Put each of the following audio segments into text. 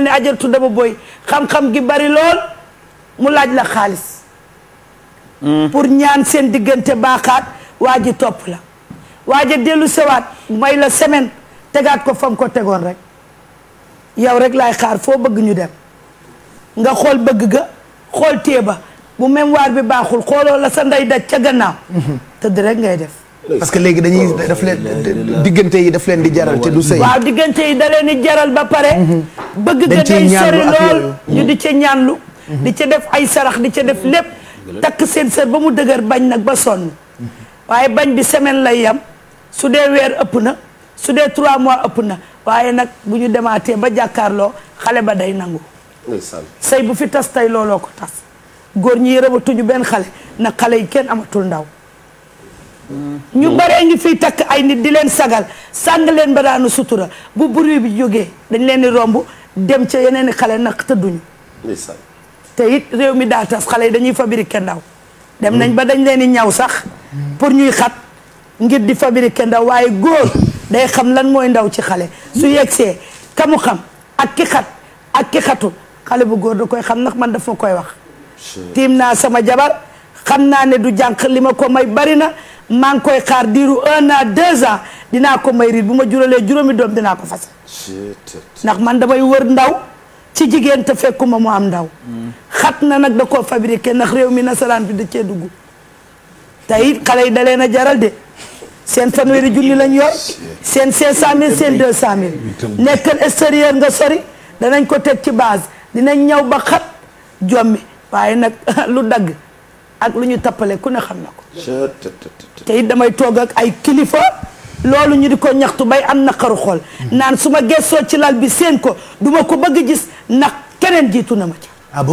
ne ajartu daba booy xam-xam gi bari lool mu laaj la xaalis hmm. pour ñaan seen diggante baaxaat waa ji topp la waa ji dellu sawaat may la semaine tegaat ko fam ko tegoon rek yow rek laay xaar foo bëgg ñu dem nga xool bëgg ga xool téye ba bu mémoire bi baaxul xooloo la sa ndey daj ca gannaaw hmm. tëdd rek ngay def parce que léegi dañuy daf leen diggante yi daf leen di jaral te du sëy waaw diggante yi da leen di jaral ba pare mhm. bëgg nga day sori lool ñu di mhm. ca ñaanlu mhm. di ca def ay sarax di ca def lépp takk seen sër ba mu dëgër bañ nag ba sonn waaye bañ bi semaine lay yam su dee weer ëpp na su dee trois mois ëpp na waaye nag bu ñu demaatee ba jàkkaarloo xale ba day nangu sëy bu fi tas tey looloo ko tas góor ñi yërëmatuñu benn xale nag xale yi kenn amatul ndaw ñu bare ngi fi takk ay nit di leen sagal sàng leen ba daanu sutura bu bruit bi jógee dañ leen di romb dem ca yeneen i xale nag tëdduñu te it réew mi daa tas xale yi dañuy fabriquer ndaw dem nañ ba dañ leen di ñaw sax pour ñuy xat ngir di fabriquer ndaw waaye góor day xam lan mooy ndaw ci xale su yegsee kamu xam ak ki xat ak ki xatu xale bu góor da koy xam ndax man daf ma koy wax tiim naa sama jabar xam naa ne du jànq li ma ko may bari na maa ngi koy xaar diiru un an deux ans dinaa ko may riit bu ma juralee juróomi doom dinaa ko fase ndax man damay wër ndaw ci jigéen te ma mu am ndaw xat na nag da koo fabriqué ndax réew mi nasaraan bi da cee dugg tey xale yi da leen a jaral de seen fanweeri junni lañ yor seen cinq cent mille seen deux cent mille extérieur nga sori danañ ko teg ci base dinañ ñaw ba xat jommi waaye nag lu dagg ak lu ñu tappale ku ne xam na ko te damay toog ak ay kilifa loolu ñu di ko ñaxtu bay am naqaru xool hmm. naan su ma gessoo ci lal bi seen ko duma ko bëgg gis ndax keneen jiitu na ma ca ah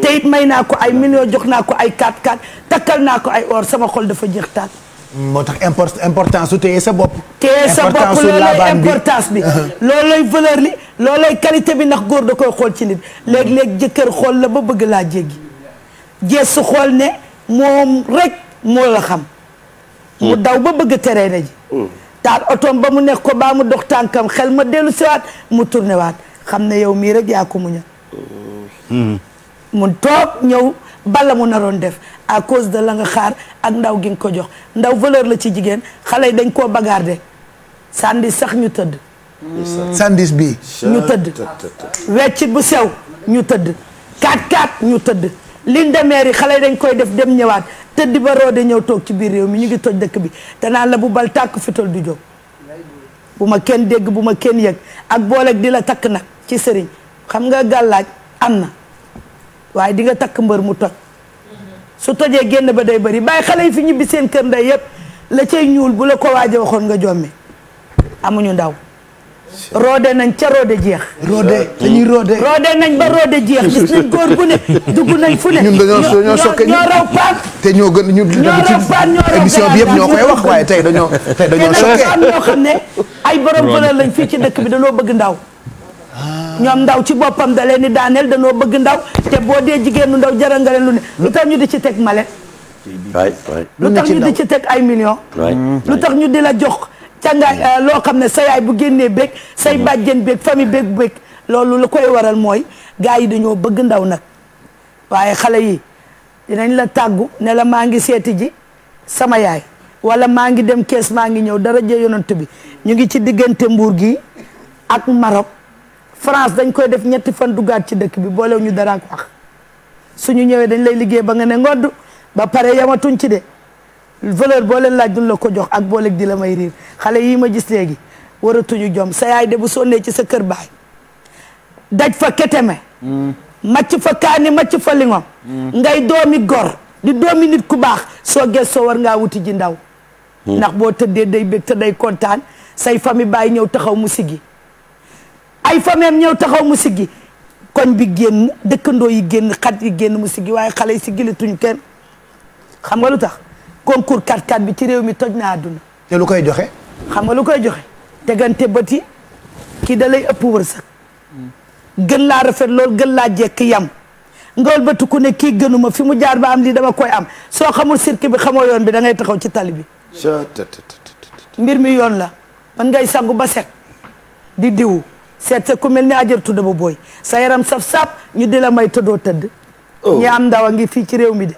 te it may naa ko ay millions jox naa ko ay 4-4 takkal naa ko ay or sama xol dafa jeex taat moo tax import importance su téye sa bopp. téye sa bopp loolooy importance bi uh-huh. loolooy valeur loolu loolooy qualité bi ndax góor da koy xool ci nit hmm. léeg-léeg jëkkër xool la ba bëgg laa jéggi jees su xool ne moom rek moo la xam mu hmm. daw ba bëgg terrain ji hmm. taal otoom ba mu nekk ko baa mu dox tànkam xel ma dellu siwaat mu tourné waat xam ne yow mii rek yaa ko muñal hmm. mu toog ñëw bala mu naroon def a cause de la nga xaar ak ndaw gi nga ko jox ndaw valeur la ci jigéen xale yi dañ koo bagarde sandis sax ñu tëdd sandis bi ñu tëdd weccit bu sew ñu tëdd kaat kaat ñu tëdd ligne de mairie xale dañ koy def dem ñëwaat tëdd ba roode ñëw toog ci biir réew mi ñu ngi toj dëkk bi te naan la bu bal tàkk fital du jóg bu ma kenn dégg bu ma kenn yëg ak booleeg di la takk nag ci sëriñ xam nga gàllaaj am na waaye di nga takk mbër mu toj su tojee génn ba day bëri bàyyi xale yi fi ñibbi seen kër ndey yëpp la cay ñuul bu la ko waaja waxoon nga jommi amuñu ndaw roode nañ ca roode jeex. roode dañuy roode. roode nañ ba roode jeex gis nañ góor bu ne dugg nañ fu ne. ñun dañoo ñoo sokke ñoo raw te ñoo gën ñu ci émission bi yëpp ñoo koy wax waaye tey dañoo tey dañoo ñoo xam ne ay borom voleur lañ fii ci dëkk bi dañoo bëgg ndaw. ñoom ndaw ci boppam da leen di daaneel danoo bëgg ndaw te boo dee jigéenu ndaw jaral lu ne lu tax ñu di ci teg male. lu tax ñu di ci lu tax ñu di la jox ca mm. euh, loo xam ne sa yaay bu génnee bég say mm. bàjjen bég famille bég bég loolu lu koy waral mooy gars yi dañoo bëgg ndaw nag waaye xale yi dinañ la tàggu ne la maa ngi seeti ji sama yaay wala maa ngi dem kees maa ngi ñëw dara jee yonent bi ñu ngi ci diggante mbuur gi ak Maroc France dañ koy def ñetti fan duggaat ci dëkk bi boolew ñu dara ak wax suñu ñëwee dañ lay liggéey ba nga ne ngodd ba pare yamatuñ ci de valeur boo leen laaj duñ la ko jox ak booleeg di la may riir xale yii ma gis léegi war tuñu jom sa yaay de bu sonnee ci sa kër baay daj fa keteme mm. macc fa kaani macc fa lingom mm. ngay doomi gor di doomi nit ku baax soo gëstoo war ngaa wuti ji ndaw mm. ndax boo tëddee day bég te day kontaan say famille baay ñëw taxaw mu siggi ay famem ñëw taxaw mu siggi koñ bi génn dëkkandoo yi génn xat yi génn mu siggi waaye xale yi si li tuñ kenn xam nga lu tax concours 4x4 bi ci réew mi toj na àdduna. te lu koy joxe. xam nga lu koy joxe tegante bët yi kii da lay ëpp wërsëg. gën laa rafet lool gën laa jekk yam. nga wëlbati ku ne kii gënuma fi mu jaar ba am lii dama koy am soo xamul circuit bi xamoo yoon bi da ngay taxaw ci tali bi. mbir mi yoon la man ngay sangu ba set di diwu seet sa ku mel ni ajar tudd ba booy sa yaram saf-saf ñu di la may tëddoo tëdd. Oh. ñi am ndaw a ngi fii ci réew mi de.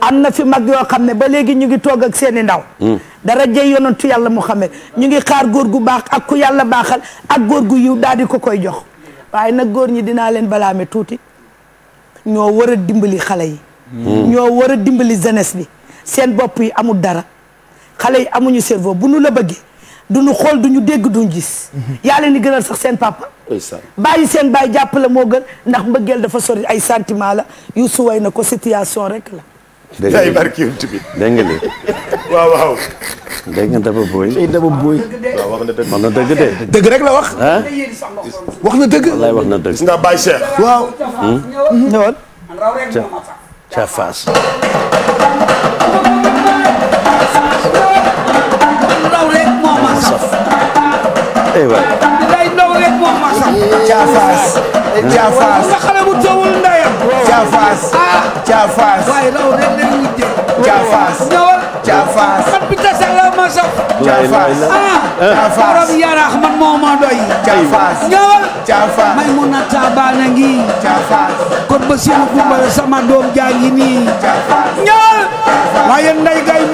am na fi mag yoo xam ne ba léegi ñu ngi toog ak seeni ndaw hmm. dara jey yonentu yàlla Muhammad ñu ngi xaar góor gu baax ak ku yàlla baaxal ak góor gu yiw daal di ko koy jox waaye nag góor ñi dinaa leen balaame tuuti ñoo war a dimbali xale yi hmm. ñoo war a dimbali jeunesse bi seen bopp yi amul dara xale yi amuñu cerveau bu nu la bëggee duñu xool du ñu dégg duñu gis hmm. yaa leen di gënal sax seen papa bàyyi seen bàyyi jàpp la moo gën ndax mbëggeel dafa sori ay sentiment la yu suway na ko situation rek la dégg nga dégg nga lii. waaw waaw. dégg nga Daba Boye. tey Daba Boye. waaw wax wax na dëgg de. dëgg rek la wax. ah. wax na dëgg. wax na dëgg. gis nga Baye Caafaas Caafaas xale bu tawul ndayam Caafaas Caafaas ah. waaye raw rek lay mujje Caafaas ñëwal Caafaas xat bi tase la ma saf Caafaas ah may mu na taabaana ngi Caafaas kon ba sinu kumbala sama doom jaa ngi nii Caafaas ñëwal waaye ah. nday gay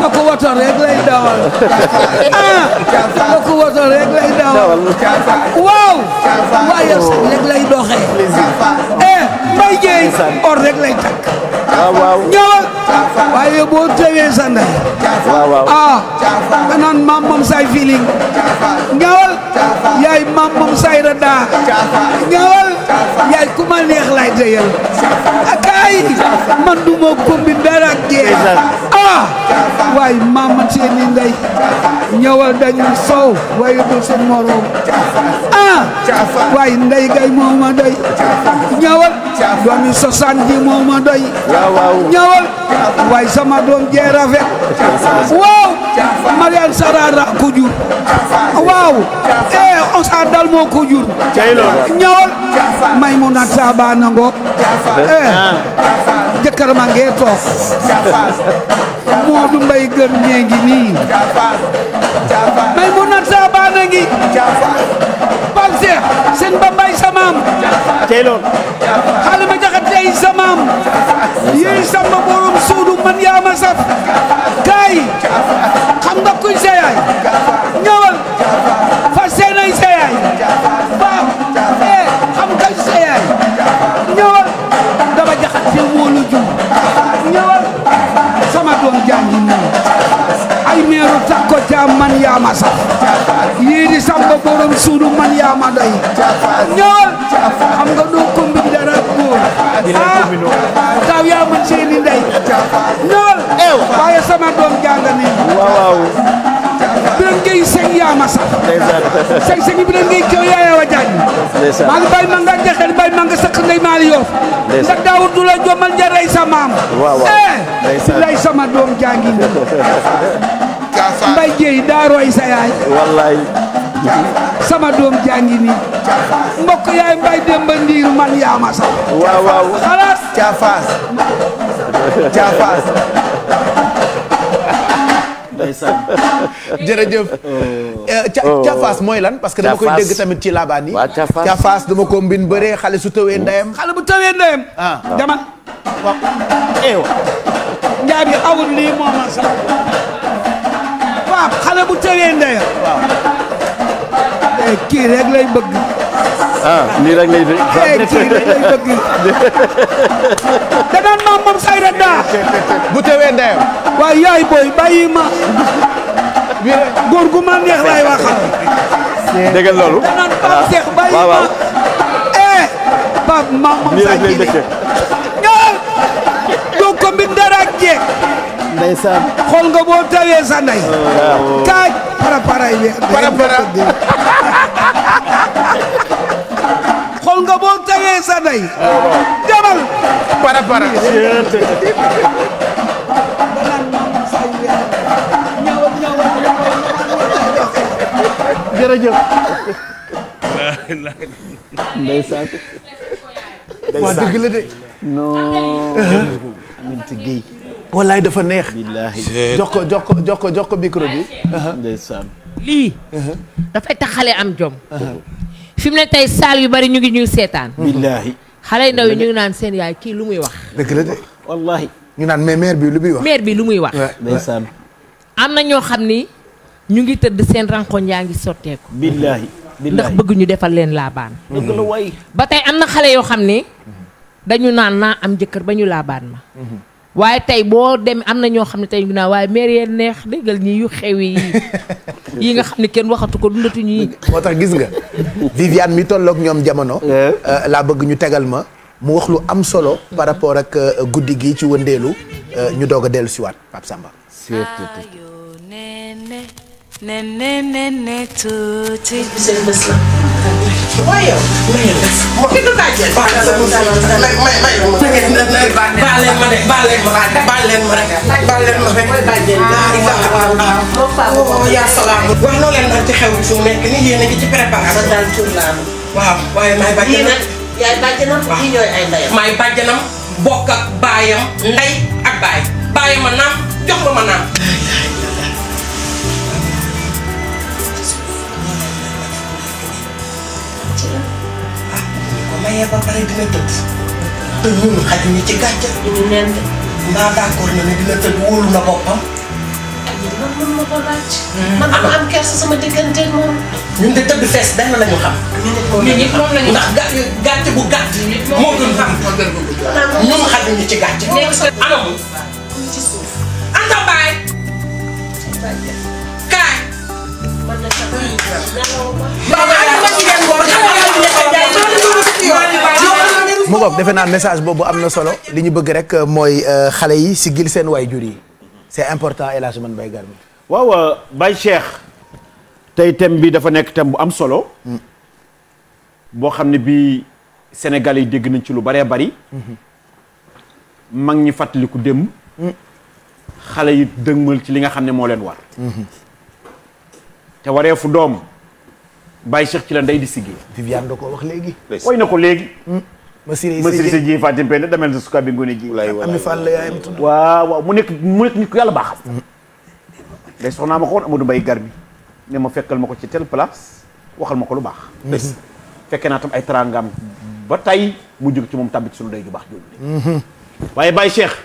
kooku woto rek lay dawal ah kooku woto rek lay dawal waaw waaye sax rek lay doxee Mbaye Dieye or rek takk. waaw waaye boo tewee sa ndey. waaw waaw ah, maam moom saay feeling. yaay maam moom saay rada. ñëwal. yaay ku ma neex lay teyal. akaay ah, man du kumbi dara ak Dieye. Ah, waaye maam ma seeni ndey. ñëwal dañu soow. waaye du sa morom. ah. waaye ndey gay moom ma day. doomi sosaan ji moo doy ñëwal waay sama doom jee waaw Mariane Sarara ko waaw ee eh, osa moo ko jur ñëwal Maymuna Saba nango ee eh, ah. jëkkër ma ngee toog Moodu Mbay gën ñee nii Maymuna Saba na ngi Pape Cheikh seen samaam Xalima Jaxate yi samaam yi samba borom suudu man yaa ma saf kaay xam nga kuy sa yaay ñëwal fa seenay sa yaay baam ee eh, xam kañ sa yaay ñëwal dama Jaxate moo la jur sama doom jàngi nii ay meeru takko jaam man yaa ma saf yii di samba borom suudu man yaa ma day ñëwal xam nga doo ko taw yaa mën seeni ndey ñëwal eew waaye sama doom jànga nii waaw biran yaa ma sax sëñ sëñ kew yaa yaa maa bay ma nga bay ma sëq ndey maa yoof ndax daawut du la jomal njarey sa maam ee eh, lay sama doom jàngi nii mbay jeey daa sa yaay sama doom jàngi nii mbokk yaay mbay demba ndiiru man yaa ma sax waaw waaw xalaas caafaas oh. eh, oh. lan parce que dama koy tamit ci laabaan yi caafaas bëree xale su tawee ndeyam xale bu tawee ndeyam ah eewa njaay bi lii mooma sax xale bu tawee ndeyam Eh, kii rek lay bëgg. ah lii rek lay bëgg. Eh, kii rek maam moom sayra daa. bu tewee ndeyam. waaw yaay booy bàyyi ma. góor gu ma neex laay waxal. dégg nga loolu. da doon Seex ah, bàyyi ma. waaw eh. maam moom say kii lii rek lay dëkkee. ndeysaan xool nga boo tawee sa ndey kaaj para para yi para para xool nga boo tawee sa ndey demal para para jërëjëf ndeysaan ndeysaan wallaay dafa neex. jox ko jox ko jox ko jox ko micro bi. ndeysaan. Uh-huh. lii. dafay tax xale am jom. Uh-huh. fi mu ne tey saal yu bari ñu ngi ñuy seetaan. billaahi. xale yu ndaw yi ñu naan seen yaay kii lu muy wax. dëgg ñu naan mais maire bi lu muy wax. maire bi lu muy wax. ndeysaan. am na ñoo xam ni ñu ngi tëdd seen rankoñ yaa ngi sotteeku. billaahi. ndax bëgg ñu defal leen laabaan. dëgg ba tey am na xale yoo xam ni dañu naan naa am jëkkër ba ñu laabaan ma. Mm-hmm. waaye tey boo demee am na ñoo xam ne tey ginnaaw waaye maire yee neex déggal ñi yu xew yi yi nga xam ne kenn waxatu ko dundatu ñi moo tax gis nga Viviane mi tolloog ñoom jamono euh, laa bëgg ñu tegal ma mu wax lu am solo par rapport ak euh, guddi gi ci wëndeelu euh, ñu doog a dellu siwaat Pape Samba waaye yow. may leen ma de baal leen ma rek baal leen ma rek baal leen ma rek baal leen ma rek. wax noo leen doon ci xew bi su nekk ni yéen a ngi ci préparation. man daal tur laa waaw waaye may bàjjanam yaay bàjjanam. waaw ñii ñooy ay ndeyam. may bàjjanam bokk ak baayam ndey ak baay. baayam ma naam jox ma ma naam. ma ba pare dina tëdd. te ñun xaj ñu ci gàcce. ñu neen de. mbaa d'accord na ne dina tëdd wóolu na boppam. Hmm. man ma ko am kersa sama digganteeg moom. ñun de tëdd fees benn la xam. ñun ñëpp moom la ñu ndax gà gàcc bu gàtt. moo gën xam ñun xaj ñu ci gàcce. anamu. ci suuf. Anta Mbaye. kaay. man de sax. mu ngoog defe naa message boobu am na solo li ñu bëgg rek euh, mooy euh, xale yi si seen waay jur yi c'est important El Hadj Man bay Garmi waaw euh, bay Cheikh tey thème bi dafa nekk thème bu am solo mm. boo xam ne bii Sénégal yi dégg nañ ci lu baree bari mm-hmm. mag ñi fàttaliku démb mm. xale yi dëgmal ci li nga xam ne moo leen war mm-hmm. te waree fu doom Baye Cheikh ci la ndey di siggi Viviane na ko léegi mm. Massiré Cissé ji Fatim Penda damel sa suka bi ngone ji Ami Fall la yaayam tudd waaw waaw mu nekk mu nekk nit ku yàlla baax day soxnaa ma ko woon Amadou Mbaye Garmi ne ma fekkal ma ko ci telle place waxal ma ko lu baax fekke naa tam ay tarangam ba tey mu jóg ci moom tàbbi ci suñu day ju baax jooju waaye Baye Cheikh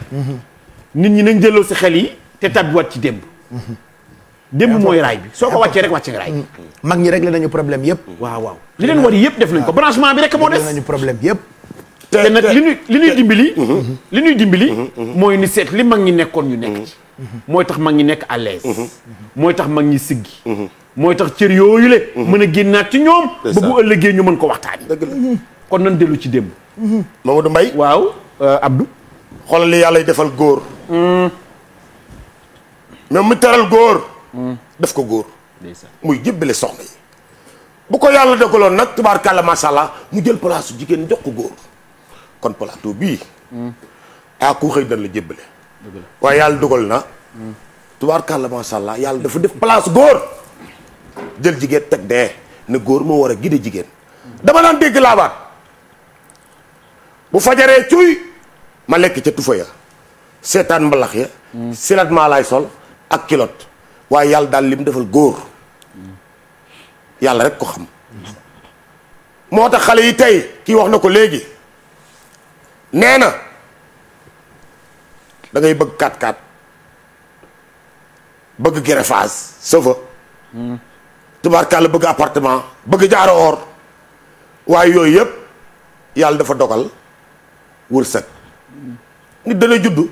nit ñi nañ delloo si xel yi te tàbbiwaat ci démb démb mooy raay bi soo ko wàccee rek wàcce nga raay bi mag ñi réglé nañu problème yëpp waaw waaw li leen war yëpp bi rek moo des nañu problème yëpp te nag li ñuy li ñuy dimbali. Mm-hmm. Mm-hmm. li ñuy dimbali. Mm-hmm. mooy ni seet li mag ngi nekkoon ñu nekk ci. mooy tax mag ñi nekk à mooy tax mag ñi siggi. mooy tax cër yooyu le mën a génnaat ci ñoom. ba bu ëllëgee ñu mën ko waxtaan dëgg kon nan dellu ci démb. Mamadou may waaw euh, Abdou. xoolal li yàlla defal góor. Mm. même mu teral góor. Mm. def ko góor. muy jébbale soxna yi. bu ko yàlla dogaloon nag tubaarkàlla macha allah mu jël place jigéen jox ko góor. kon plateau bii. ah ku xëy dana la jébbale. waaye yàlla dogal na. tubaarkàlla macha allah yàlla dafa def place góor. jël jigéen teg dee ne góor moo war a gide jigéen. dama daan dégg laabaat bu fajaree cuy ma lekk ca tufa ya seetaan mbalax ya. silat maa laay sol ak kilot waaye yàlla daal lim defal góor yàlla rek ko xam. moo tax xale yi tey kii wax na ko léegi. nee na dangay bëgg 4-4 bëgg greffage sëfa hmm. tubaarkàlla bëgg appartement bëgg jaaro or waaye yooyu yëpp yàlla dafa dogal wërsëg hmm. nit dana juddu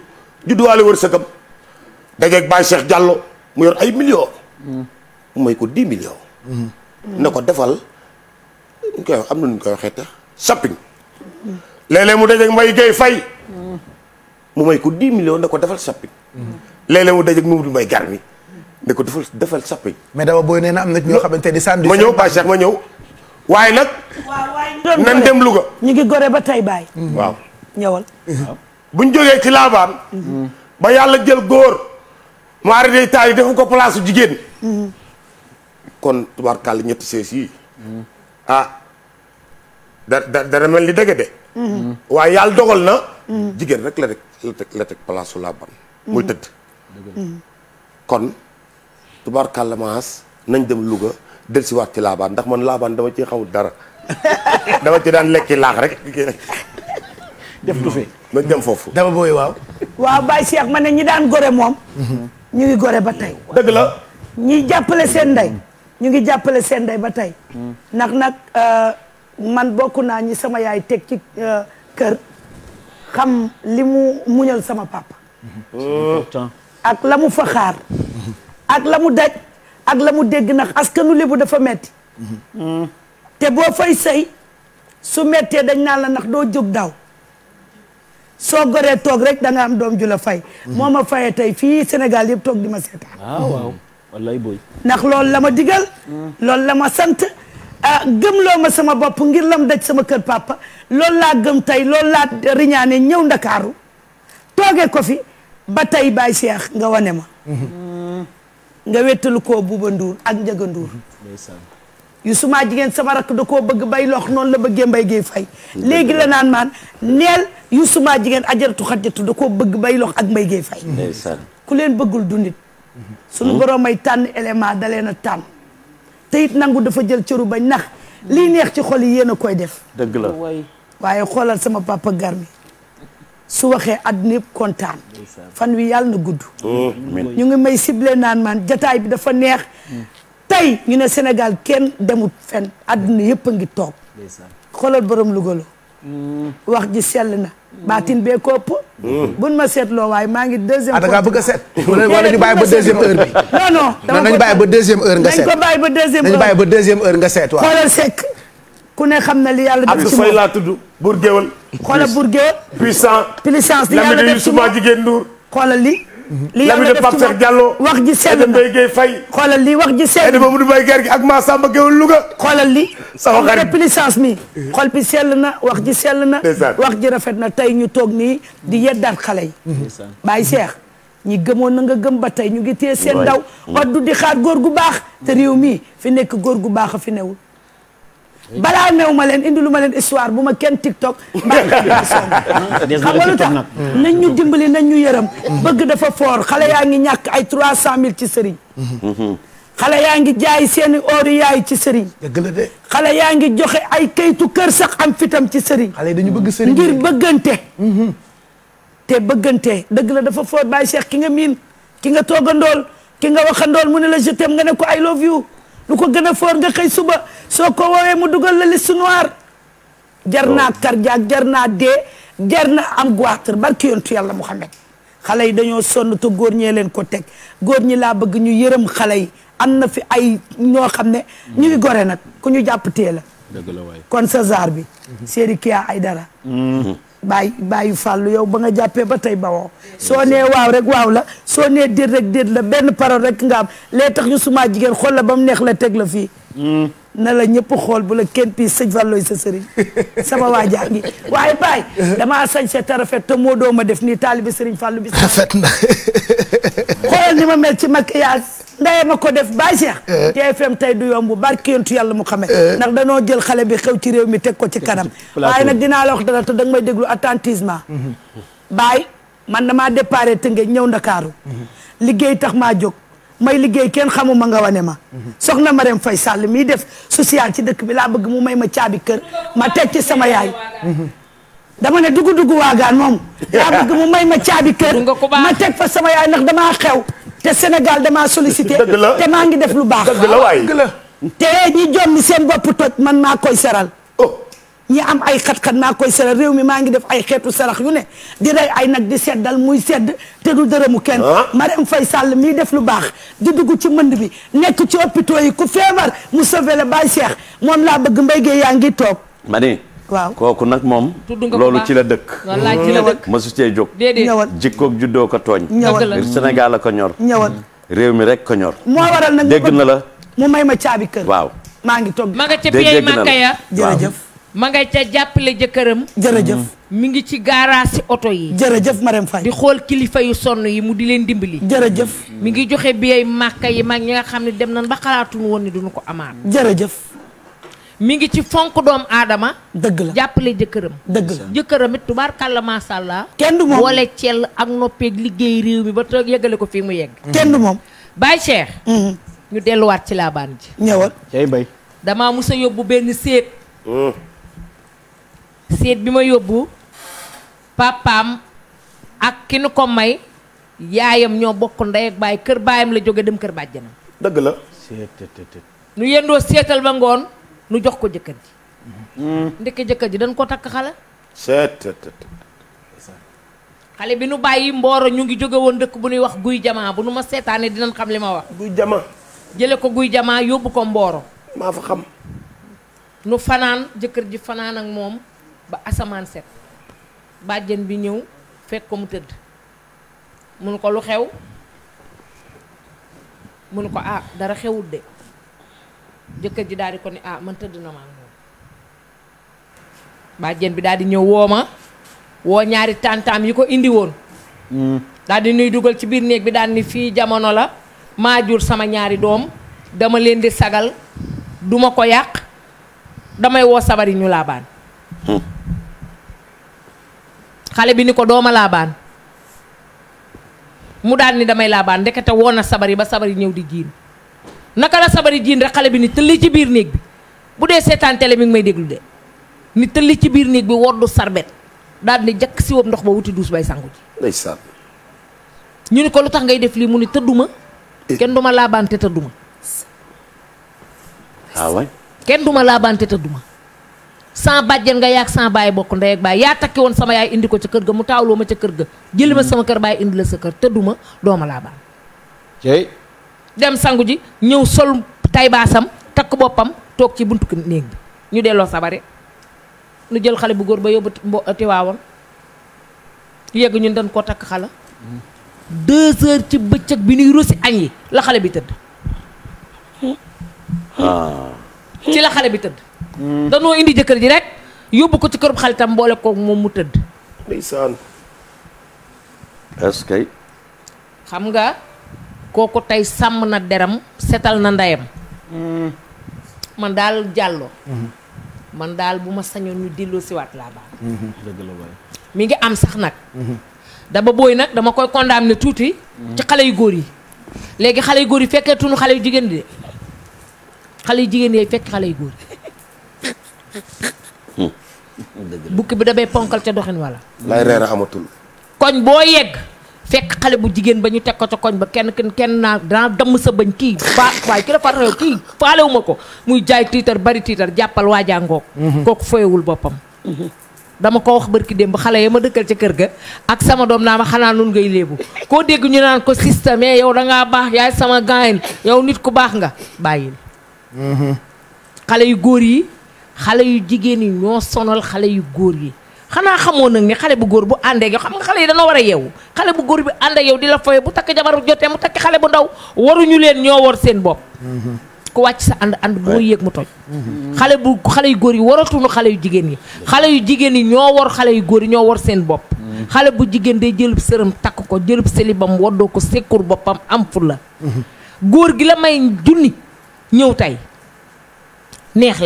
judduwaale wërsëgam dajeeg Baye Cheikh Diallo mu yor ay millions. Hmm. mu may ko 10 millions. ne ko defal ñu koy wax am na nu koy waxee tax shopping. léeg-léeg mu dajeeg mbay gay fay mu may ko 10 millions ne ko defal shopping léeg-léeg mu dajeeg Mamadou Mbaye gar mi ne ko defal defal shopping mais dama booy nee na am na ñoo xamante ni sànni ma ñëw Pape Cheikh ma ñëw waaye nag na dem Louga ñu ngi gore ba tey baay mm-hmm. waaw ñëwal buñ jógee ci laabaan mm-hmm. ba yàlla jël góor maari day taal yi dafa ko place jigéen mm-hmm. kon tubaarkàlla ñetti sees yi ah, da da dana mel ni dëgg de. Mm-hmm. waaye yàlla dogal na. Mm-hmm. jigéen rek la la teg la teg place su muy tëdd. Mm-hmm. kon tubaarkàlla maas nañ dem Louga dellusiwaat ci laabaan ndax man laabaan dama ci xawul dara dama ci daan lekki laax rek. def du fi nañ dem foofu. dama booy waaw. waaw Baye Cheikh ma ne ñi daan gore moom. ñu ngi gore ba tey. dëgg la. ñi jàppale seen ndey. ñu ngi jàppale seen ndey ba tey. ndax nag. Euh, man bokk naa ñi sama yaay teg ci euh, kër xam li mu muñal sama papa. ak la mu faxaar ak la mu daj ak la mu dégg ndax askanu Lebu dafa metti te boo fay sëy su mettee dañ naan la ndax doo jóg daaw soo goree toog rek da am doom ju la fay. moo ma fayee tey fii Sénégal yëpp toog di ma seetaan. Ah, waaw ndax loolu la ma digal. Mm. loolu la ma sant. Ah, gëmloo ma sama bopp ngir lam daj sama kër papa lool laa gëm tey lool laa riñaane ñëw ndakaaru toogee ko fi ba tey Baye Cheikh nga wane ma nga wettalu koo Buuba Nduur ak Njaga Nduur yu suma jigéen sama rakk da koo bëgg bay loox noonu la bëggee mbay gay fay léegi la naan maan neel yu suma jigéen ajaratu xajatu da koo bëgg bay loox ak mbay gay fay ku leen bëggul du nit sunu borom may tànn élément da leen a tànn te it nangu dafa jël cëru bañ nax lii neex ci xol yi yéen a koy def. dëgg la waaye xoolal sama papa garmi su waxee àdduna yëpp kontaan fan wi yàlla na gudd. Oh, ñu ngi may sible naan maan jataay bi dafa neex. tey ñu ne senegal kenn demut fen àdduna yëpp a ngi toog. xoolal borom Louga la wax ji sell na. baatin bee kopp. buñ ma seetloo waaye maa ngi deuxième. ah da ngaa bëgg a seet. wala nañu bàyyi ba deuxième heure bi. non non dama nañu bàyyi ba deuxième heure nga seet. nañu ko bàyyi ba deuxième heure ba deuxième heure nga seet waaw. xoolal sekk ku ne xam na li yàlla def ci moom Abdou Faye laa tudd. Bourgéwal. xoolal Bourgéwal. puissant. puissance li yàlla def si moom Lamine Youssoupha jigéen Ndour. li. li yàlla def ci Diallo wax ji sell na xoolal li wax ji sell na Mamadou Mbaye Gueye ak maa Samba Gueye Louga xoolal li sama xarit puissance mi eh. xol bi sell na wax ji sell na wax ji rafet na tey ñu toog nii di yeddaat xale yi Baye Cheikh ñi gëmoon na nga gëm ba tey ñu ngi téye seen wax mm. du di xaar góor gu baax te réew mi fi nekk góor gu baax a fi new balaa new ma leen indi lu ma leen histoire bu ma kenn tiktok mbaa xam nga lu tax nañ ñu dimbali nañ ñu yërëm bëgg dafa foor xale yaa ngi ñàkk ay trois cent mille ci sëriñ xale yaa ngi jaay seeni oori yaay ci sëriñ dëgg la de xale yaa ngi joxe ay kayitu kër sax am fitam ci sëriñ xale dañu bëgg sëriñ ngir bëggante mhm. te bëggante dëgg la dafa foor Baye Cheikh ki nga miin ki nga toogandool ki nga waxandool mu ne la je t'aime nga ne ko I love you lu ko gën a foor nga xëy suba soo ko woowee mu dugal la liste noire jar oh. naa cardiaque jar naa dee jar na am goitre barki yontu yàlla Muhammad xale yi dañoo sonn te góor ñee leen ko teg góor ñi laa bëgg ñu yërëm xale yi am na fi ay ñoo xam ne ñuy gore nag ku ñu jàpp tee la dëgg la waay kon César bi mhm. Seri Kia Aidara mhm. bàyyi bàyyi fàllu yow ba nga jàppee ba tey bawoo soo nee waaw rek waaw la soo nee déet rek déet la benn parole rek nga am lee tax ñu suma jigéen xool la ba mu neex la teg la fii hmm. na la ñëpp xool bu la kenn pii sëñ Fallooy sa sëriñ sama waa jaa ngi waaye baay damaa sañse te rafet te moo dooma def nii taali sëriñ Fallou bi rafet na xoolal ni ma mel ci maquillage ndaye ma ko def Baye Cheikh TFM tey du yomb barke yontu yàlla mu xame eh. ndax danoo jël xale bi xew ci réew mi teg ko ci kanam waaye nag dinaa la wax dara te da nga may déglu attentivement mm-hmm. Baye man damaa déparé Tëngéej ñëw Ndakaaru mm-hmm. liggéey tax maa jóg may liggéey kenn xamuma nga wane ma soxna ma fay sal miy def social ci dëkk bi laa bëgg mu may ma caabi kër ma teg ci sama yaay dama ne dugu dugu waagaan moom laa bëgg mu may ma caabi kër ma teg fa sama yaay ndax damaa xew te Sénégal damaa sollicité te maa ngi def lu baax te ñi jommi seen bopp toj man maa koy seral oh. ñi am ay xat-xat naa koy seral réew mi maa ngi def ay xeetu sarax yu ne di rey ay nag di seddal muy sedd te du dërëmu kenn ah. Marème fay Sall mi def lu baax di dugg ci mënd bi nekk ci hôpitaux yi ku feebar mu sauvé la Baye Cheikh moom laa bëgg mbay gee yaa ngi toog ma ni waaw kooku nag moom loolu ci la dëkk wallaay ci la dëkk mësu cee jóg ñëwal jikkoog juddoo ko tooñ ñëwal Sénégal la ko ñor ñëwal réew mi rek ko ñor moo waral nag dégg na la mu may ma caabi kër waaw maa ngi toog maa nga ca piey ma nga ca jàppale jëkkëram. jërëjëf mm-hmm. mi ngi ci gaaraasi oto yi. jërëjëf Marème Faye. di xool kilifa yu sonn yi mu di leen dimbali. jërëjëf. mi ngi joxe biyay màkka yi mag ñi nga xam ne dem nañ ba xalaatuñu woon ni duñu ko amaan jërëjëf. mi ngi ci fonk doomu aadama. dëgg jàppale jëkkëram. dëgg la jëkkëram it tubaarkàlla macha allah. kenn du moom boole cell ak noppeeg liggéey réew mi ba toog yëggale ko fii mu yegg. Mm-hmm. kenn moom. Baye Cheikh. Mm-hmm. ñu delluwaat ci laabaan ji. ñëwal. cay bay. damaa mus yóbbu benn seet. Mm. seet bi ma yóbbu papaam ak ki nu ko may yaayam ñoo bokk ndey ak baay kër baayam la jóge dem kër bàjjanam dëgg la nu yendoo seetal ba ngoon nu jox ko jëkkër ji mm-hmm. ndeke jëkkër ji dañ ko takk xale xale bi nu bàyyi mbooro ñu ngi jóge woon dëkk bu ñuy wax guy jamaa bu nu ma seetaanee dinañ xam li ma wax guy jamaa jële ko guy jamaa yóbbu ko mbooro maa fa xam nu fanaan jëkkër ji fanaan ak moom ba asamaan set bàjjen bi ñëw fekk ko mu tëdd mun ko lu xew mun ko ah dara xewul de jëkkër ji daal di ko ni ah man tëdd na maa moom bàjjen bi daal di ñëw woo ma woo ñaari tàntaam yi ko indi woon hmm. daal di nuy dugal ci biir néeg bi daal ni fii jamono la maa jur sama ñaari doom dama leen di sagal duma ko yàq damay woo sabar yi ñu laabaan hmm. xale bi ni ko dooma laabaan mu daal ni damay laabaan ndekete woon na sabar yi ba sabar yi ñëw di jiin naka la sabar yi jiin rek xale bi ni tëlli ci biir néeg bi bu dee seetaan télé mi ngi may déglu de ni tëlli ci biir néeg bi woddu sarbet daal ni jakk si ndox ba wuti duus bay sangu ji ñu ni ko lu tax ngay def lii mu ni tëdduma eh. kenn duma laabaan te tëdduma ah kenn duma laabaan te tëdduma sans bàjjen nga yaag sans baay bokk ndey ak baay yaa takki woon sama yaay indi ko ca kër ga mu taawloo ma ca kër ga jëli ma sama kër baay indi la sa kër tëdduma dooma laa baal dem sangu ji ñëw sol tay takk boppam toog ci buntu néeg bi ñu delloo sabare nu jël xale bu góor ba yóbbu tiwaawoon yegg ñun dañ koo takk xala deux heures ci bëccëg bi nuy rosi añ yi la xale bi tëdd ah. ci la xale bi tëdd danoo indi jëkkër ji rek yóbbu ko ci kër xaritam mboole koog moom mu tëdd. ndeysaan. est que. xam nga kooku tey sàmm na deram setal na ndeyam. man daal jàllo man daal bu ma sañoon ñu delloo siwaat laa baax. dëgg la mi ngi am sax nag. daba booy nag dama koy condamné tuuti. ci xale yu góor yi. léegi xale yu góor yi fekkee tunu xale yu jigéen de xale yu jigéen yee fekk xale yu góor yi. Hmm. bukki bi dabee ponkal ca doxin wala lay reer a amatul koñ boo yegg fekk xale bu jigéen ba ñu teg ko ca koñ ba kenn kenn kenn naa danaa damm sa bañ kii fa waaye ma ko muy jaay tiitar bari tiitar jàppal waajangoog mhm. kooku foyewul boppam mhm. dama ko wax barki démb xale ya ma dëkkal ca kër ga ak sama doom naa ma xanaa nun ngay léebu koo dégg ñu naan ko système yow dangaa baax yaay sama gaayin yow nit ku baax nga bàyyil mhm. xale yu góor yi xale yu jigéen yi ñoo sonal xale yu góor yi xanaa xamoo nag ni xale bu góor bu àndee yow xam nga xale yi dana war a yeewu xale bu góor bi ànd ak yow di la foye bu takk jabar jotee mu takk xale bu ndaw waruñu leen ñoo war seen bopp ku wàcc sa ànd ànd bu yéeg mu toj mm-hmm. xale bu xale yu góor yi waratuñu xale yu jigéen yi xale yu jigéen yi ñoo war xale yu góor yi ñoo war seen bopp mm-hmm. xale bu jigéen day jëlub sëram takk ko jëlub selibam waddoo ko sekkur boppam am fu la mm-hmm. gi la may junni ñëw tey neex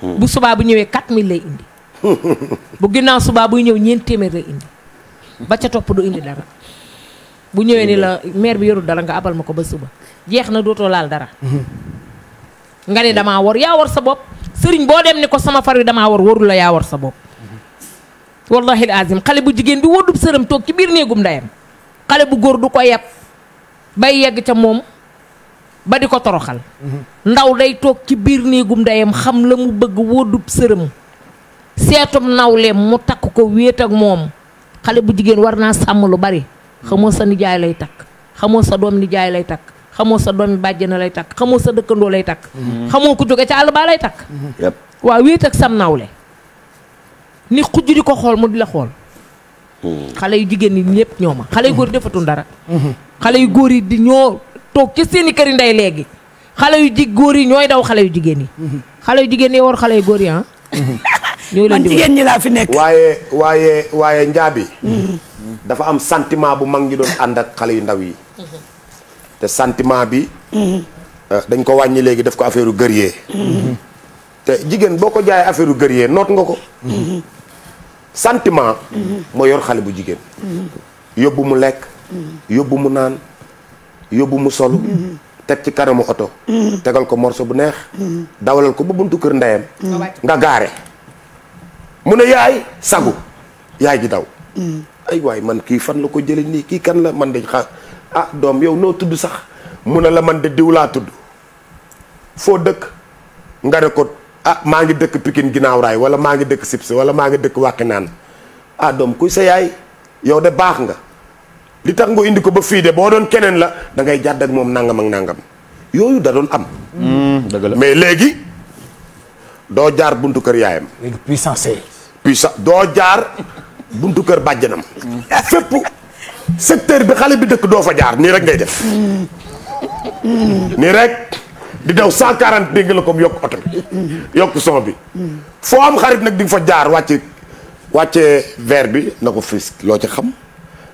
bu subaa bu ñëwee 4000 lay indi. bu ginnaaw subaa buy ñëw ñeent téeméer lay indi. ba ca topp du indi dara. bu ñëwee ni la maire bi yorul dara nga abal ma ko ba suba. jeex na dootoo laal dara. nga ne damaa war yaa war sa bopp. sëriñ boo dem ni ko sama far wi damaa war warul la yaa war sa bopp. wallahi azim xale bu jigéen bi wóodub sëram toog ci biir néegum ndeyam. xale bu góor du ko yab bay yegg ca moom. ba di ko toroxal ndaw day toog ci biir néegum ndeyam xam la mu bëgg wóodub sërëm seetum nawleem mu takk ko wéet ak moom xale bu jigéen war naa sàmm lu bari xamoo sa nijaay lay takk xamoo sa doom nijaay lay takk xamoo sa doomi bàjjana lay takk xamoo sa dëkkandoo lay takk mm-hmm. xamoo ko jóge ca àll baa lay takk mm-hmm. waaw wéet ak sam nawle ni xujj di ko xool mu di la xool mm-hmm. xale yu jigéen yi ñëpp ñoo ma xale yu góor yi defatul dara xale yu góor yi di ñoo toog ci seen i këri ndey léegi xale yu ji góor yi ñooy daw xale yu jigéen yi. xale yu jigéen yi war xale yu góor yi ah. man jigéen ñi laa fi nekk. waaye waaye waaye njaabi. Mm-hmm. dafa am sentiment bu mag ñi doon ànd ak xale yu ndaw yi. Mm-hmm. te sentiment bi. Mm-hmm. Eh, dañ ko wàññi léegi def ko affaire u gërëyee. te jigéen boo ko jaayee affaire u gërëyee noot nga ko. sentiment. moo yor xale bu jigéen. yóbbu mu lekk. yóbbu mu naan. yóbbu mu solu mm-hmm. teg ci kanamu oto mm-hmm. tegal ko morso bu neex mm-hmm. dawalal ko ba buntu kër ndeyam nga gaare mu ne yaay sagu yaay ji daw ay waay man kii fan la ko jële nii kii kan la man de xa ah, doom yow loo tudd sax mu ne la man de diw laa tudd foo dëkk nga ne ko ah maa ngi dëkk Pikine ginnaaw raay wala maa ngi dëkk Sibsi wala maa ngi dëkk Wakinaan ah doom kuy sa yaay yow de baax nga li tax nga indi ko ba fii de boo doon keneen la dangay ngay jàdd ak moom nangam ak nangam yooyu da doon am. Hmm, dëgg mais léegi doo jaar buntu kër yaayam. léegi puissance puissance doo jaar buntu kër bàjjanam. fépp secteur bi xale bi dëkk doo fa jaar nii rek ngay def. nii rek di daw 140 dégg la comme yokk oto bi yokk son bi. foo am xarit nag di nga fa jaar wàcce wàcce verre bi na ko frisk loo ci xam.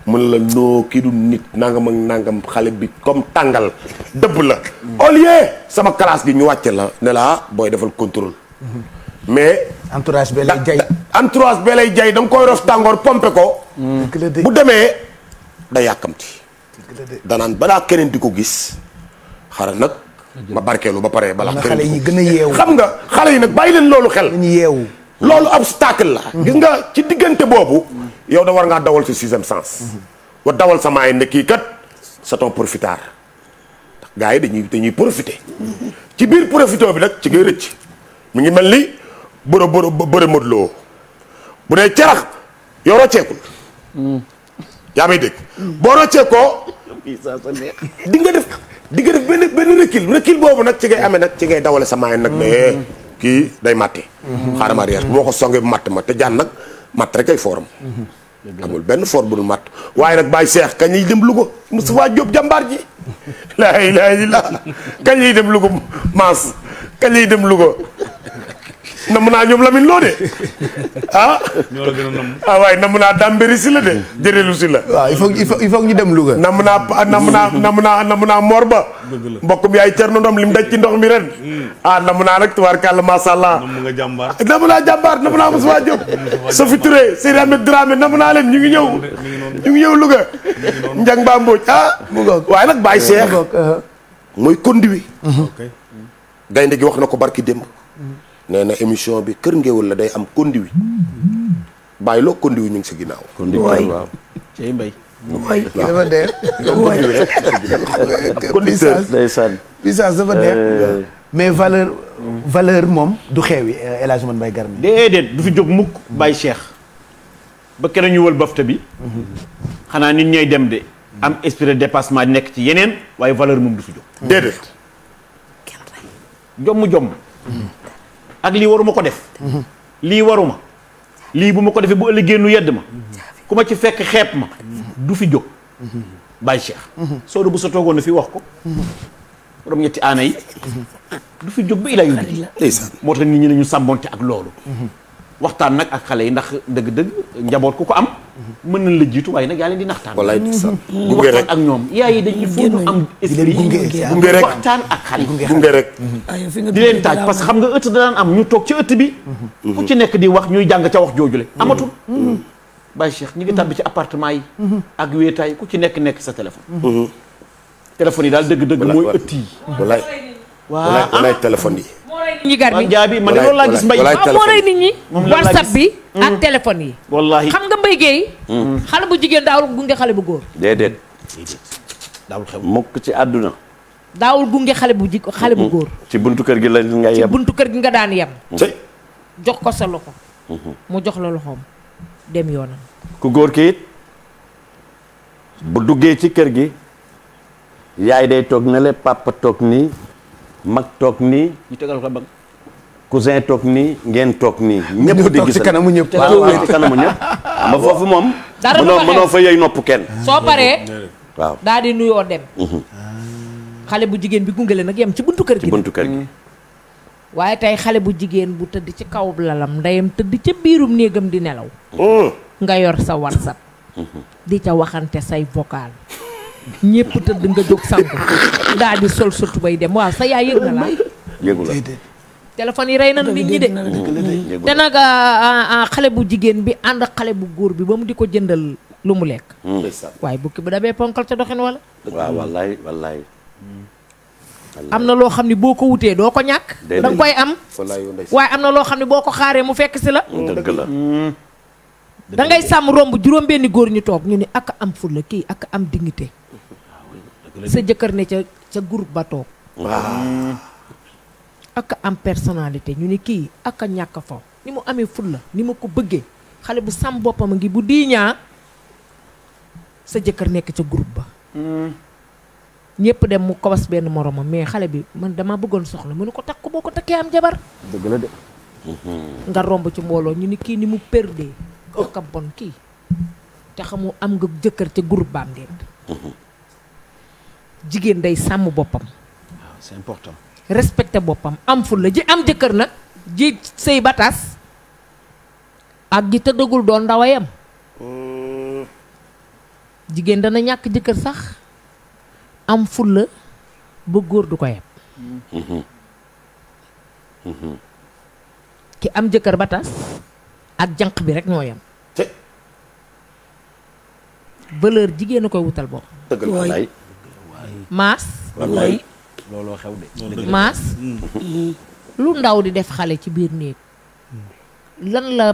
mu ne la noo kii du nit nangam ak nangam xale bi comme tàngal dëbb la au lieu sama classe gi ñu wàcce la ne la booy defal contrôle mais entourage bee lay jay entourage bee lay jay da nga koy rof tàngoor pompe ko bu demee da yàkkamti danaan balaa keneen di ko gis xaaral nag ma barkeelu ba pare balaa xale yi gën a yeewu xam nga xale yi nag bàyyi leen loolu xel yeewu loolu obstacle la gis nga ci diggante boobu yow da war ngaa dawal ci sixième sens. wa dawal sama ay ne kii kat c'est un profiteur ndax gars yi dañuy dañuy profité ci biir profité bi nag ci ngay rëcc mu ngi mel ni bëre bëre bëre modloo bu dee carax yow rocceekul. yaa may dégg boo rocceekoo. di nga def di nga def benn benn recul recul boobu nag ci ngay amee nag ci ngay dawale sama ay nag ne kii day màtte. xaaral ma réer boo ko songee bu màtt ma te jaan nag. mat rek ay fooram. amul benn foor bu dul mat waaye nag Baye Cheikh kañ lay dem Louga Moustapha Diop jàmbaar ji. laa ilaaha illallaah kañ lay dem Louga Maas kañ lay dem Louga. namm naa ñoom Lamine loo de ah. ah. waaye namm naa Dambéry si la de jërëlu si la. waaw il faut il faut il faut ñu dem Louga. namm naa namm naa naa namm naa Mor Ba. mbokk mi ay Thierno Ndom li mu daj ci ndox mi ren. Hmm. ah namm naa nag tubaarkàlla macha allah. namm nga jàmbaar namm naa jàmbaar namm naa Moussa Diop. Sophie Touré Seydou Ahmed Dramé namm naa leen ñu ngi ñëw. ñu ngi ñëw Louga. Ndiang Ba Mbodj ah. mu ngoog waaye nag Baye Cheikh. Uh-huh. mooy conduit. gaynde gi wax na ko barki dem nee na émission bi kër ngéwël la day am conduit bàyyi loo conduit ñu ngi si ginnaaw. conduit waaw mbay. waay dafa dee. conducteur ndeysaan puissance dafa dee. Euh. mais valeur moom du xeewi euh, El Hadj Mbaye Garmi. déedéet du fi jóg mukk mm-hmm. Baye Cheikh. ba keneen ñu wël bafta bi. Mm-hmm. xanaa nit ñay dem de. am mm-hmm. esprit de dépassement nekk ci yeneen waaye valeur moom du fi jóg. déedéet. jomm jomm. ak lii waruma ko def lii waruma lii bu ma ko defee bu ëllëgee nu yedd ma ku ma ci fekk xeeb ma du fi jóg bàyyi cheikh soo du bu sa toogoon na fi wax ko borom ñetti aana yi du fi jóg ba ila moo tax nit ñi ne ñu sàmboonte ak loolu waxtaan nag ak xale yi ndax dëgg-dëgg njaboot ku ko am mën nañ la jiitu waaye nag yaa leen di naxtaan. walaay gunge rek ak ñoom. yaay yi dañuy foog ñu am. esprit gunge rek waxtaan ak xale gunge rek. di leen taaj parce que xam nga ëtt da daan am ñu toog ci ëtt bi. ku ci nekk di wax ñuy jàng ca wax joojule amatul. Baye Cheikh ñi ngi tàbbi ci appartement yi. ak wéetaay ku ci nekk nekk sa téléphone. téléphone yi daal dëgg-dëgg mooy ëtt yi. walaay moo rey nit ñi whatsapp bi ak téléphone yi Mbaye Guèye. Hmm. xale jigéen daawul gunge xale bu góor. déedéet. ci àdduna. daawul gunge xale bu ji xale bu hmm. góor. ci buntu kër gi la buntu kër gi nga daan yem. Hmm. jox ko sa loxo. mu jox la loxoom dem yoonam. ku góor ki bu duggee ci kër gi yaay day toog ne le papa toog nii mag toog nii. ñu tegal ko mag. cousin toog nii ngeen toog nii. ñëpp di gis kanamu ñëpp waaw ci kanamu ñëpp. ma foofu moom. dara mënoo mënoo fa daal di nuyoo dem. Mhm. bu jigéen bi gunge nag yem ci buntu kër gi. ci buntu mhm. waaye tey xale bu jigéen bu tëdd ci kaw lalam ndeyam tëdd ca biirum néegam di nelaw. Oh. nga yor sa whatsapp. Mhm. di ca waxante say vocal. tëdd nga jóg sangu daal di sol sa tubay dem waaw sa yaay yëg laa. yëgu téléphone yi rey na nit ñi de te nag euh, euh, euh, xale bu jigéen bi ànd xale bu góor bi ba mu di ko jëndal lu mu lekk hmm. waaye bukki bu dabee ponkal ca doxin wala waaw wallaay wallaay hmm. am na loo xam ne boo ko wutee doo ko ñàkk koy am waaye am na loo xam ne boo ko xaaree mu fekk si la hmm, dangay sàmm romb juróom benni góor ñu toog ñu ni ak am fulla kii ak am dignité sa jëkkër ne ca ca groupe ba toog ak am personnalité ñu ne kii ak a ñàkk faw ni mu amee ful la ni ma ko bëggee xale bu sàmm boppam a ngi bu diiñaa sa jëkkër nekk ca groupe ba hmm. ñëpp dem mu kawas benn moromam mais xale bi man dama bëggoon soxla ne ko takk boo ko takkee am jabar dëgg la de hmm. nga romb ci mbooloo ñu ni kii ni mu perdee ak oh. a bon kii te xamu am nga jëkkër ca groupe baam déet hmm. jigéen day sàmm boppam waaw ah, c'est respecté boppam am fulla ji am jëkkër nag ji sëy bataas ak ji tëddagul doon ndawayam mm. jigéen dana ñàkk jëkkër sax am fulla ba góor du ko yeb mm-hmm. Mm-hmm. ki am jëkkër ba ak janq bi rek ñoo yem valeur jigéen a koy wutal boppam maas looloo xew de. maas hmm. lu ndaw di def xale ci biir néeg hmm. lan la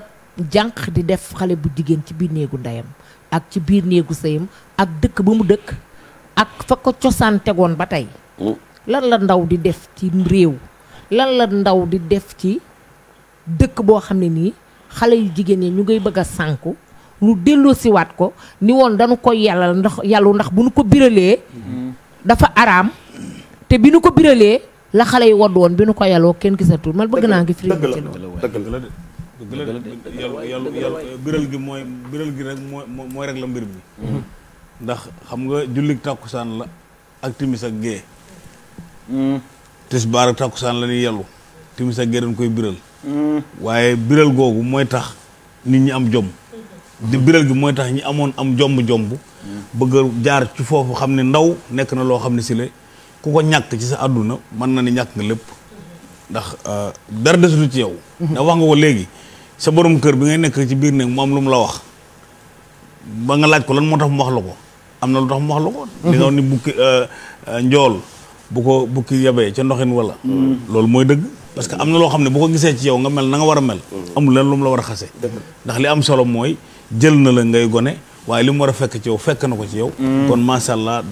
jànq di def xale bu jigéen ci biir néegu ndeyam ak ci biir néegu sëyam ak dëkk ba mu dëkk ak fa ko cosaan tegoon ba tey hmm. lan la ndaw di def ci réew lan la ndaw di def ci dëkk boo xam ne nii xale yu jigéen ñi ñu ngay bëgg a sànku lu delloosiwaat ko ni woon dañu ko yàllal ndax yàllu ndax bu ñu ko biralee dafa araam te bi nu ko biralee la xale yi wadd woon bi nu ko yaloo kenn gisatul man bëgg naa ngi firi ci loolu dëgg la dëgg la yàlla yàlla biral gi mooy biral gi rek mooy mooy rek la mbir bi ndax xam nga jullig tàkkusaan la ak timis ak gée hmm. tisbaar tàkkusaan la ñuy yellu timis ak gée dañ koy biral hmm. waaye biral googu mooy tax nit ñi am jomb di biral gi mooy tax ñi amoon am jomb jomb hmm. bëgg a jaar ci foofu xam ne ndaw nekk na loo xam ne si ku ko ñàkk ci sa àdduna mën na ni ñàkk nga lépp ndax euh, dara desul ci yow. Mhm. ndax wax nga ko léegi sa boroom kër bi ngay nekk ci biir néeg mu am lu mu la wax ba nga laaj ko lan moo tax mu wax la ko am na lu tax mu wax la ko. Mhm. li nga wax ni bukki euh, euh, njool bu ko bukki yabee ca ndoxin wala. Mhm. loolu mooy dëgg. parce que am na loo xam ne bu ko gisee ci yow nga mel na nga war a mel. amul leen lu mu la war a xase. ndax li am solo mooy jël na la ngay gone. waaye li mu war a fekk ci yow fekk na ko ci yow. kon macha allah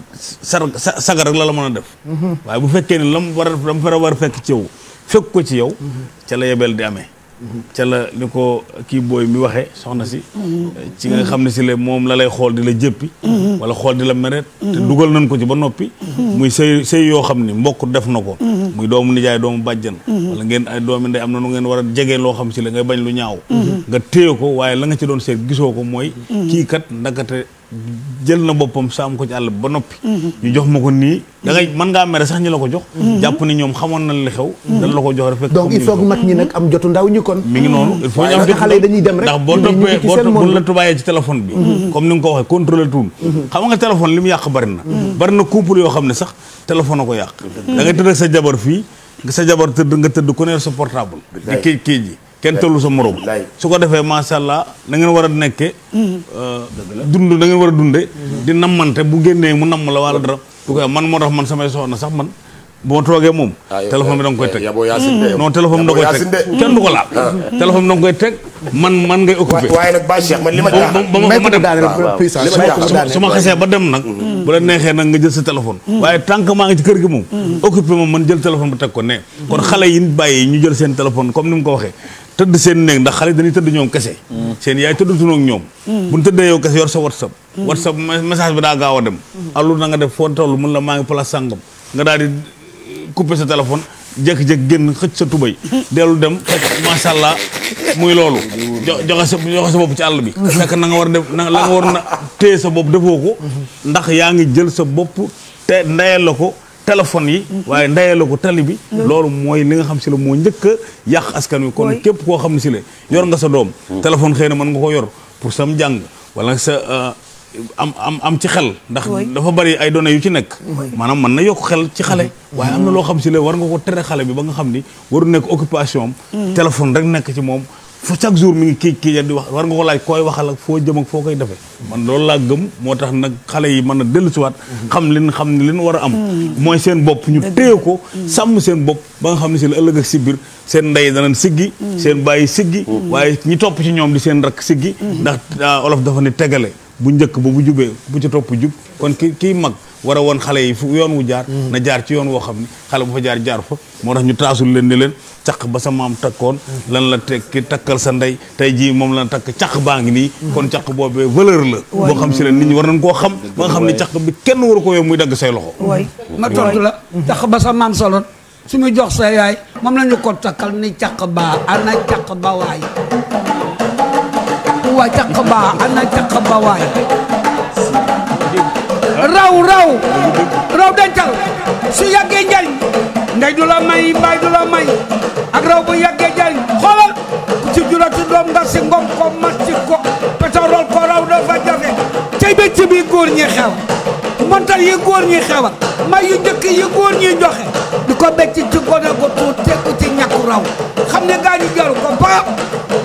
sar sagar rek la la mën a def. Mhm. waaye bu fekkee ni la mu war a la mu war a fekk ci yow fekk ko ci yow. ca la yebel di amee. ca la ni ko kii booy mi waxee soxna si ci nga xam ne si la moom la lay xool di la jëppi walla xool di la meret te dugal nañ ko ci ba noppi muy sëy sëy yoo xam ni mbokk def na ko muy doomu nijaay doomu bàjjan wala ngeen ay doomi ndey am na nu ngeen war a jege loo xam si la ngay bañ lu ñaaw nga téye ko waaye la nga ci doon seet gisoo ko mooy kii ndakate jël na boppam saam ko ci àll ba noppi ñu jox ma ko nii da ngay mën ngaa mere sax ñu la ko jox jàpp ni ñoom xamoon na li xew dañ la ko jox rek fekk donc il faut ñi nag am jotu ndaw ñi kon mi ngi noonu il xale dañuy dem rek ndax boo toppee boo bu la tubaayee ci téléphone bi mhm. comme ni nga ko waxee contrôlé tuun mhm. xam nga li mu yàq bari na mhm. bari na couple yoo xam ne sax téléphone a ko yàq da ngay tëdd ak sa jabar fii sa jabar tëdd nga tëdd ku sa portable di kii kii ji kenn tollu sa morom. su ko defee macha allah na ngeen war a nekke euh, dund da ngeen war a dunde di nammante bu génnee mu nam namm la wala dara. bu man moo tax man samay soxna sax man. bu ma toogee moom ah, téléphone bi koy teg non téléphone bi da nga koy teg kenn du ko ah. koy teg man man ngay occupé waaye nag Baye Cheikh man li ma dem su ma xesee ba dem nag mm-hmm. bu la neexee nag nga jël sa téléphone mm-hmm. waaye tant maa ngi ci kër gi moom mm-hmm. occupé moom man jël téléphone ba teg ko ne kon xale yi bàyyi ñu jël seen téléphone comme ni mu ko waxee tëdd seen néeg ndax xale dañuy tëdd ñoom kese seen yaay tëddatuñu ak ñoom buñ tëddee yow kese yor sa whatsapp whatsapp message bi daa gaaw a dem allu na nga def foo toll mën la maa ngi place sàngam nga daal di couper sa téléphone jékki-jékki génn xëcc sa tubay dellu dem macha muy loolu joxe sa bopp ci àll bi fekk na nga war a def na la nga war na téye sa bopp defoo ko ndax yaa ngi jël sa bopp te ndayal la ko téléphone yi waaye ndayela ko tali bi mm. loolu mooy li nga xam si la moo njëkk a yàq askan wi kon képp koo xam ne si la yor nga sa doom mm. téléphone xëy na mën nga ko yor pour sam jàng wala sa euh, am am am ci xel ndax dafa bari ay données yu ci nekk maanaam mën na yokk xel ci xale mm-hmm. waaye am na loo xam si la war nga ko tere xale bi ba nga xam ni waru nekk occupation am mm. téléphone rek nekk ci moom fu chaque jour mi ngi kii kii di wax war nga ko laaj koy waxal foo jëm ak foo koy defe man loolu laa gëm moo tax nag xale yi mën a dellusiwaat xam leen xam ne leen war a am mooy seen bopp ñu téye ko sàmm seen bopp ba nga xam ne seen ëllëg ak si biir seen ndey danañ siggi seen bàyyi siggi waaye ñi topp ci ñoom di seen rakk siggi ndax ah, olof dafa ne tegale bu njëkk ba bu jubee bu ci topp jub kon ki kii mag war a woon xale yi fu yoon wu jaar mm-hmm. na jaar ci yoon woo xam ne xale bu fa jaar jaar fa moo tax ñu taasul leen ni leen caq ba sa maam takkoon mm-hmm. lan la tekki takkal sa ndey tey jii moom la takk caq baa ngi nii mm-hmm. kon caq boobee valeur la boo xam si ne nit ñi war nañ koo xam ba nga xam ne caq bi kenn waru ko yow muy dagg say loxo waay ma tontu la caq ba sa maam soloon suñu jox sa yaay moom la ñu ko takkal ni caq ba waay ana caq ba waay raw raw raw dencal su yàggee njariñ ndey du la may baay du la may ak raw bu yàggee njariñ xoolal ci juratu doom nga si ngom ko mas ci ko pétrole ko raw dafa jafe cey bécc bi góor ñi xew montal yi góor ñi xewal may yu njëkk yi góor ñi joxe di ko becc ci gone gu tuut tegu ci ñàkku raw xam ne gaañu jaru ko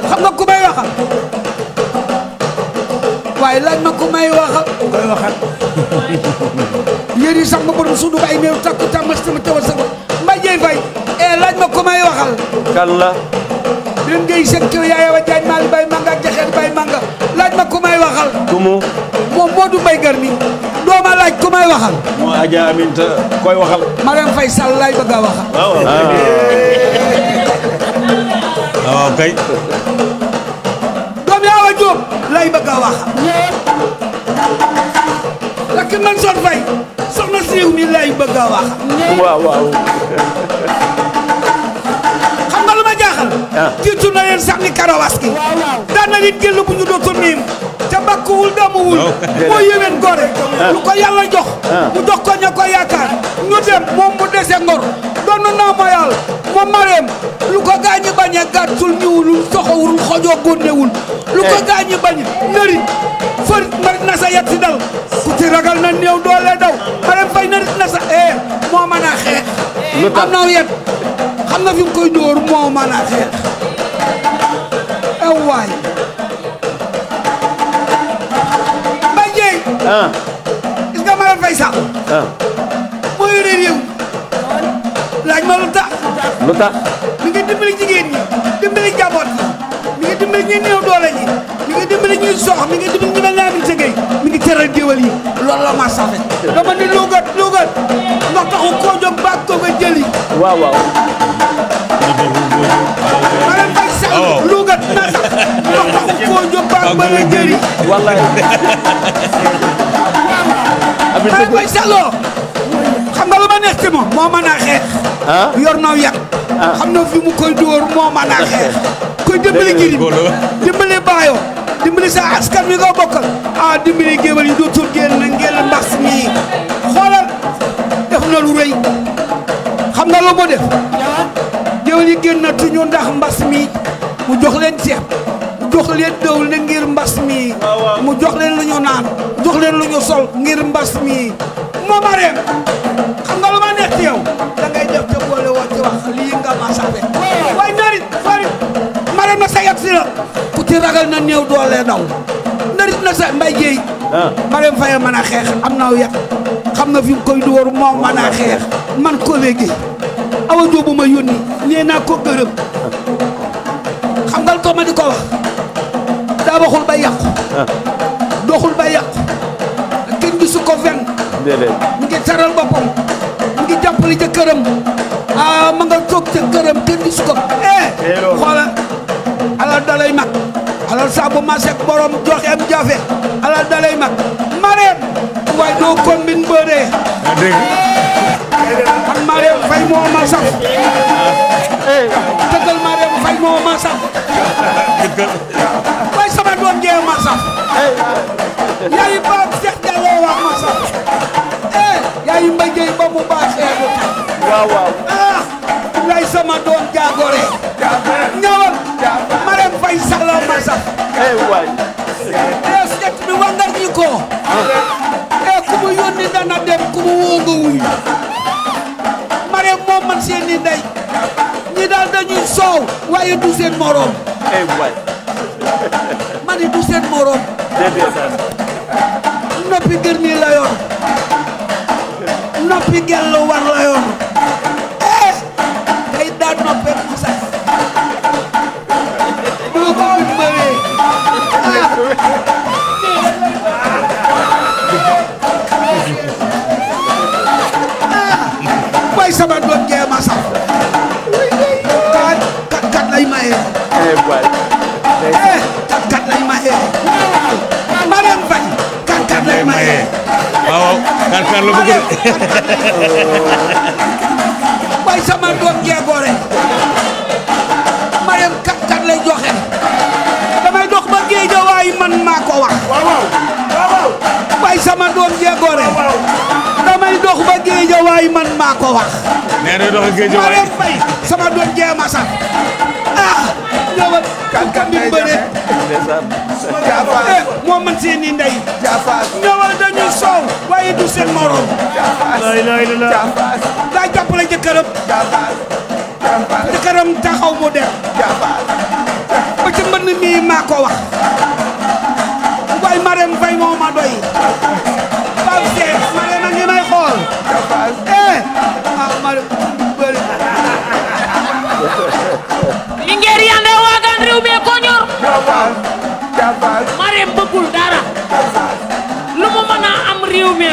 xam nga ku may waxal waaye laaj ma ku may waxa koy waxat yéen sax ma borom suudu ay néew takku tàmmas sama tawa sa mbay jëy fay e eh, laaj ma ku may waxal kan la len ngay sëkk yaaya wa jaañ maali bay manga jaxeer bay manga laaj ma ku may waxal kumu moom Modou Mbaye Garmi doo laaj ku may waxal moo Adja Aminta koy waxal Marème Faye waxal waaw ah. Ah, lay bëgg a wax man soon fay soxna siiw mi lay bëgg a wax waaw waaw xam ni karawaas gi daan na leen jël bu bàkkuwul damuwul moo yéwén gore lu ko yàlla jox mu ah. jox ko ña ko moom mu dese ngor doon naa ma lu ko gaañi bañ a gàttul ñuwulul soxowul lu ko eh. gaañi bañ nëri fër marit na sa dal ku ci néew doole daw mareem fay narit na ee eh, moo mën a yet xam na fi mu koy dóor a xeex ew ah. gis nga Marème Faye Sall. ah. moo laaj ma lu tax. lu tax. mi ngi dimbali jigéen ñi dimbali njaboot ñi mi ngi dimbali ñi néew doole ñi mi ngi dimbali ñuy sox mi ngi dimbali ñu mel ne Aminata mi ngi teral géwal yi loolu la ma safe dama ni luugat luugat ndox taxu koo jóg baag ko nga waaw waaw. Marème Faye Sall oh. luugat na sax. koo jóg ba ngi koy selloo. xam nga lu ma neex ci moom moo mën a xeex. Ah? yor na yàq. Ah. xam na fi mu koy dóor moo mën a koy dimbali njëriñ dimbali baayoo. dimbali sa askan wi nga bokkal. ah dimbali géwél yi dootul génn ngel mbas mi xoolal def na lu rëy xam nga lu mu def. Ah. géwél yi génn tuñu ndax mbas mi mu jox leen jox leen dawul ne ngir mbas mi mu jox leen lu ñu naan jox leen lu ngir mbas mi moo ma reem xam nga lu ma neex ci yow da ngay def te boole woo ci wax lii nga ma sape ma ku ci ragal na néew doole daw narit na sa mbay jéey ah. ma reem xeex am na yàq xam na fi mu koy dóor moom mën a man ko awa jóobu ma yónni nee naa ko gërëm doxul ba yàqu kenn gisu ko fen mu ngi taral boppam mu ngi jàppale ca këram a ah, ma nga toog ca këram kenn gisu ko eh, xoola alal dalay mag alal saa bu ma seeg borom joxe am jafe alal dalay mag mareem waaye doo combine bëree eh, man mareem fay moo ma tëggal Marème Faye moo ma saf sama doom jee ma saf yaayu baab waa ma saf yaayu mbay ba mu baasee waaw waaw ah lay sama doom jaagore ñëwal Marème Faye sax la ma saf waay ee eh, set mi wangar ñi ko ah. ee eh, ku mu yónni dana dem ku mu woo wuy Marème moo man seeni ndey ñi daal dañuy soow waaye du seen morom. ay e, waay. ma ne du seen morom. noppi gër nii la yor noppi gel war Géejawaay maa bay sama doom jéema sax ah ñëwal kan kan bi bëre eh, moo mën seeni ndey ñëwal dañuy soow waaye du seen morom daa jàppale jëkkëram jëkkëram taxaw mu der ba ci mii maa ko wax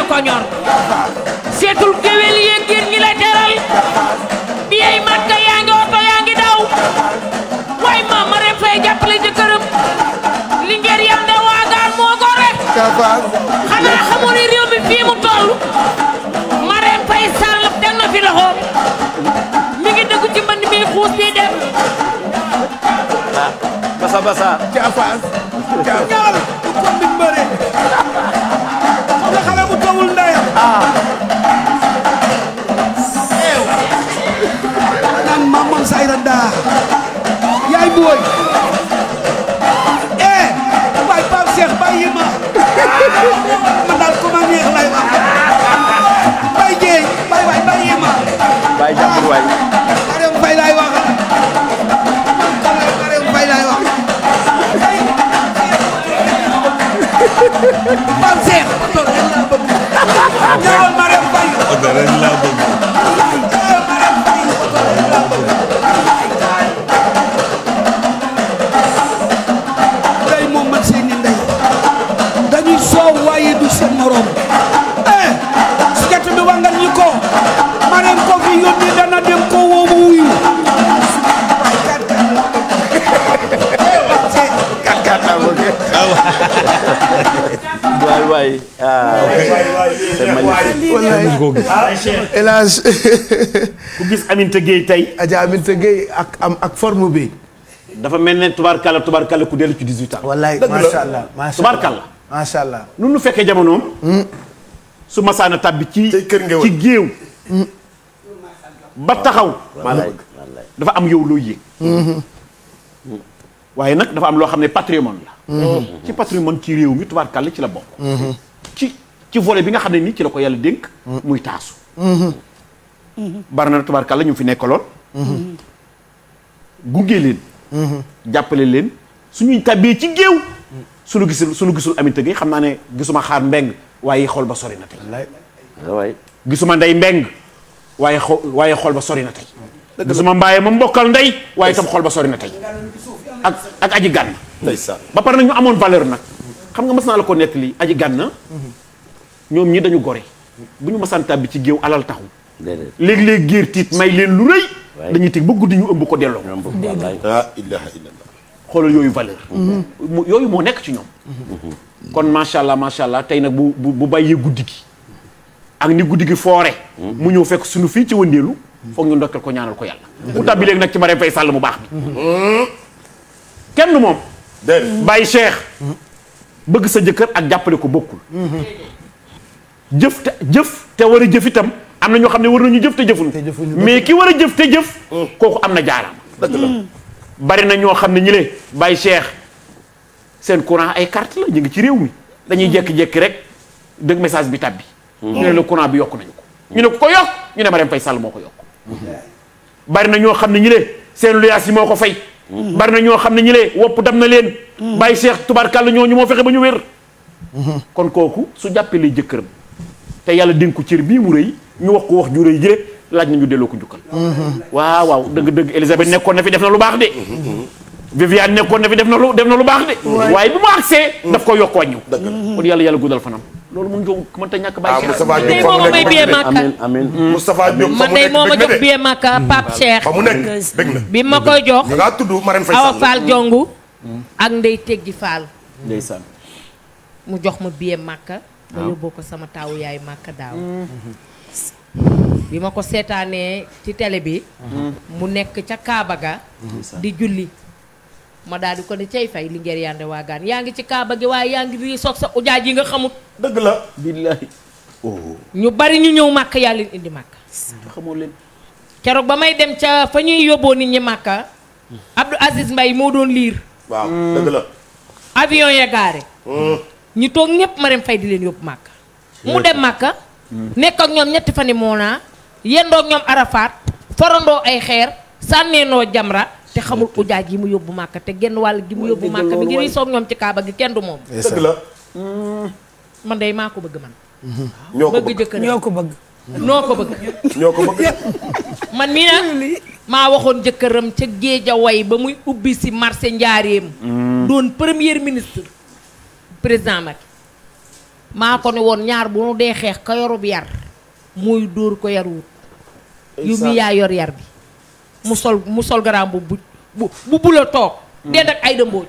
yu ko géwél yi ngir ñi bi ay màkka yaa ngi daw waaye ma rem fay jàppale jëkkëram li ngeen yam ne waagaan moo gore xanaa xamoon ni réew mi fii mu toll ma rem fay sàll na fi loxoom mi ngi dëggu ci mi xuus di dem ah, basa Anda yaay booy eh waay Pape Cheikh bàyyi ma man daal ku ma neex lay wax bay jeey bay waay bàyyi ma bay jàpp waay Marème Faye laay wax Marème Faye laay wax Pape Cheikh ñëwal Marème Faye waay ah, c'est magnifique El ku gis Aminta Gueye tey. Adja Aminta Gueye ak am ak forme bi. dafa mel ne tubaarkalla tubaarkalla ku dellu ci 18 ans. wallaay macha allah tubaarkalla. macha allah nu nu fekkee jamonoom. Hmm. su masaana tàbbi ci ci géew. Hmm. ba taxaw. dafa am yow loo yéeg. Hmm. waaye nag dafa am loo xam ne patrimoine la. Euh, ci patrimoine ci réew mi tubaarkàlla ci la bokk ci ci volet bi nga xam ne nii ci la ko yàlla dénk muy taasu bari na la ñu fi nekkaloon gunge leen jàppale leen suñuy tàbbee ci géew suñu gisul suñu gisul aminte gi xam naa ne gisuma xaar mbeng waaye xool ba sori na tey gisuma ndey mbeng waaye xo waaye xool ba sori na tey gisuma mbaaye ma mbokkal ndey waaye itam xool ba sori na tey ak ak aji gànn ndeysaan ba pare nag ñu amoon valeur nag xam nga mas naa la ko nekk lii aji gànna ñoom ñi dañu gore bu ñu masaan tàbbi ci géew alal taxu léeg-léeg géer tiit may leen lu rëy dañuy teg ba guddi ñu ëmb ko delloo la ilaha illallah xoolal yooyu valeur mhm. yooyu moo nekk ci ñoom mhm. kon macha allah macha allah tey nag bu bu bàyyee guddi gi ak ni guddi gi foore mhm. mu ñëw fekk suñu fii ci wëndeelu foog ñu ndokkal ko ñaanal ko yàlla bu tàbbi léegi nag ci Marème Faye Sall mu baax bi kenn moom dégg mm-hmm. bàyyi cheikh bëgg sa jëkkër ak jàppale ko bokkul. Mm-hmm. jëf te jëf te war a jëf itam am na ñoo xam ne war nañu jëf te jëfuñu. mais ki war a jëf te jëf. Mm. kooku am na jaaraam. dëgg la mm. bari na ñoo xam ne ñi le bàyyi cheikh seen courant ay carte la ñu ngi ci réew mi dañuy mm-hmm. jékki-jékki rek dëgg message bi tab bi. ñu ne la courant bi yokk nañu ko. ñu ne ko ko yokk ñu ne Marème Faye Sall moo ko yokk. bari na ñoo xam ne ñi le seen luyaas yi moo ko fay. bari na ñoo xam ne ñi lee wopp dam na leen bàyyi seex ñoo ñu moo fexe ba ñu wér kon kooku su jàppalee jëkkëram te yàlla dénku cër bii mu rëy ñu wax ko wax ju rëy jële laaj nañu delloo ko njukkal mmh. waaw waaw dëgg dëgg Elisabeth nekkoon na fi def na lu baax de Viviane na fi def na lu lu baax de. waaye bi mu yàlla yàlla guddal fanam. loolu mun nga ko mënta a bàyyi. Ah, ma jox billet Makka mm. Pape ma koy jox. da ngaa tudd Marème Faye Sall Jongu. Mm. ak Ndeye Teggi Fall. ndeysaan. mu jox ma billet Makka. ma ah. yóbboo ko sama taawu yaay Makka daaw. bi ma ko seetaanee ci télé bi. Mm-hmm. mu nekk ca Kaaba ga. di julli. ma daal di ko ne cay fay li ngeer yande waagaan yaa ngi ci kaaba gi waaye yaa ngi rii soog sa ujaaj yi nga xamut dëgg la billahi oh. ñu bari ñu ñëw màkk yaa leen indi màkk xamoo keroog ba may dem ca fa ñuy yóbboo nit ñi màkka Abdou Aziz Mbaye moo doon liir waaw dëgg la avion ya gaare oh. ñu toog ñépp ma dem fay di leen yóbbu màkka mu dem màkka nekk ak ñoom ñetti fani moonaa yendoog ñoom arafaat forandoo ay xeer sànneenoo jamra te xamul ujaaj yi mu yóbbu màkka te genn wàll gi mu yóbbu màkka bi ngi soog ñoom ci kaaba gi kenn du moom dëgg la mm. man day maa ko bëgg man ñoo ko bëgg ko bëgg ko bëgg ñoo ko maa waxoon jëkkëram ca Géejawaay ba muy ubbi si marché njaareem mm. doon premier ministre président Macky maa ko ne woon ñaar bu nu dee xeex ka yorub yar mooy dóor ko yaruwut yu mi yaa yor yar bi mu sol mu sol garaam bu bu bu bu toog. Mm. dend ak ay dëmbooj.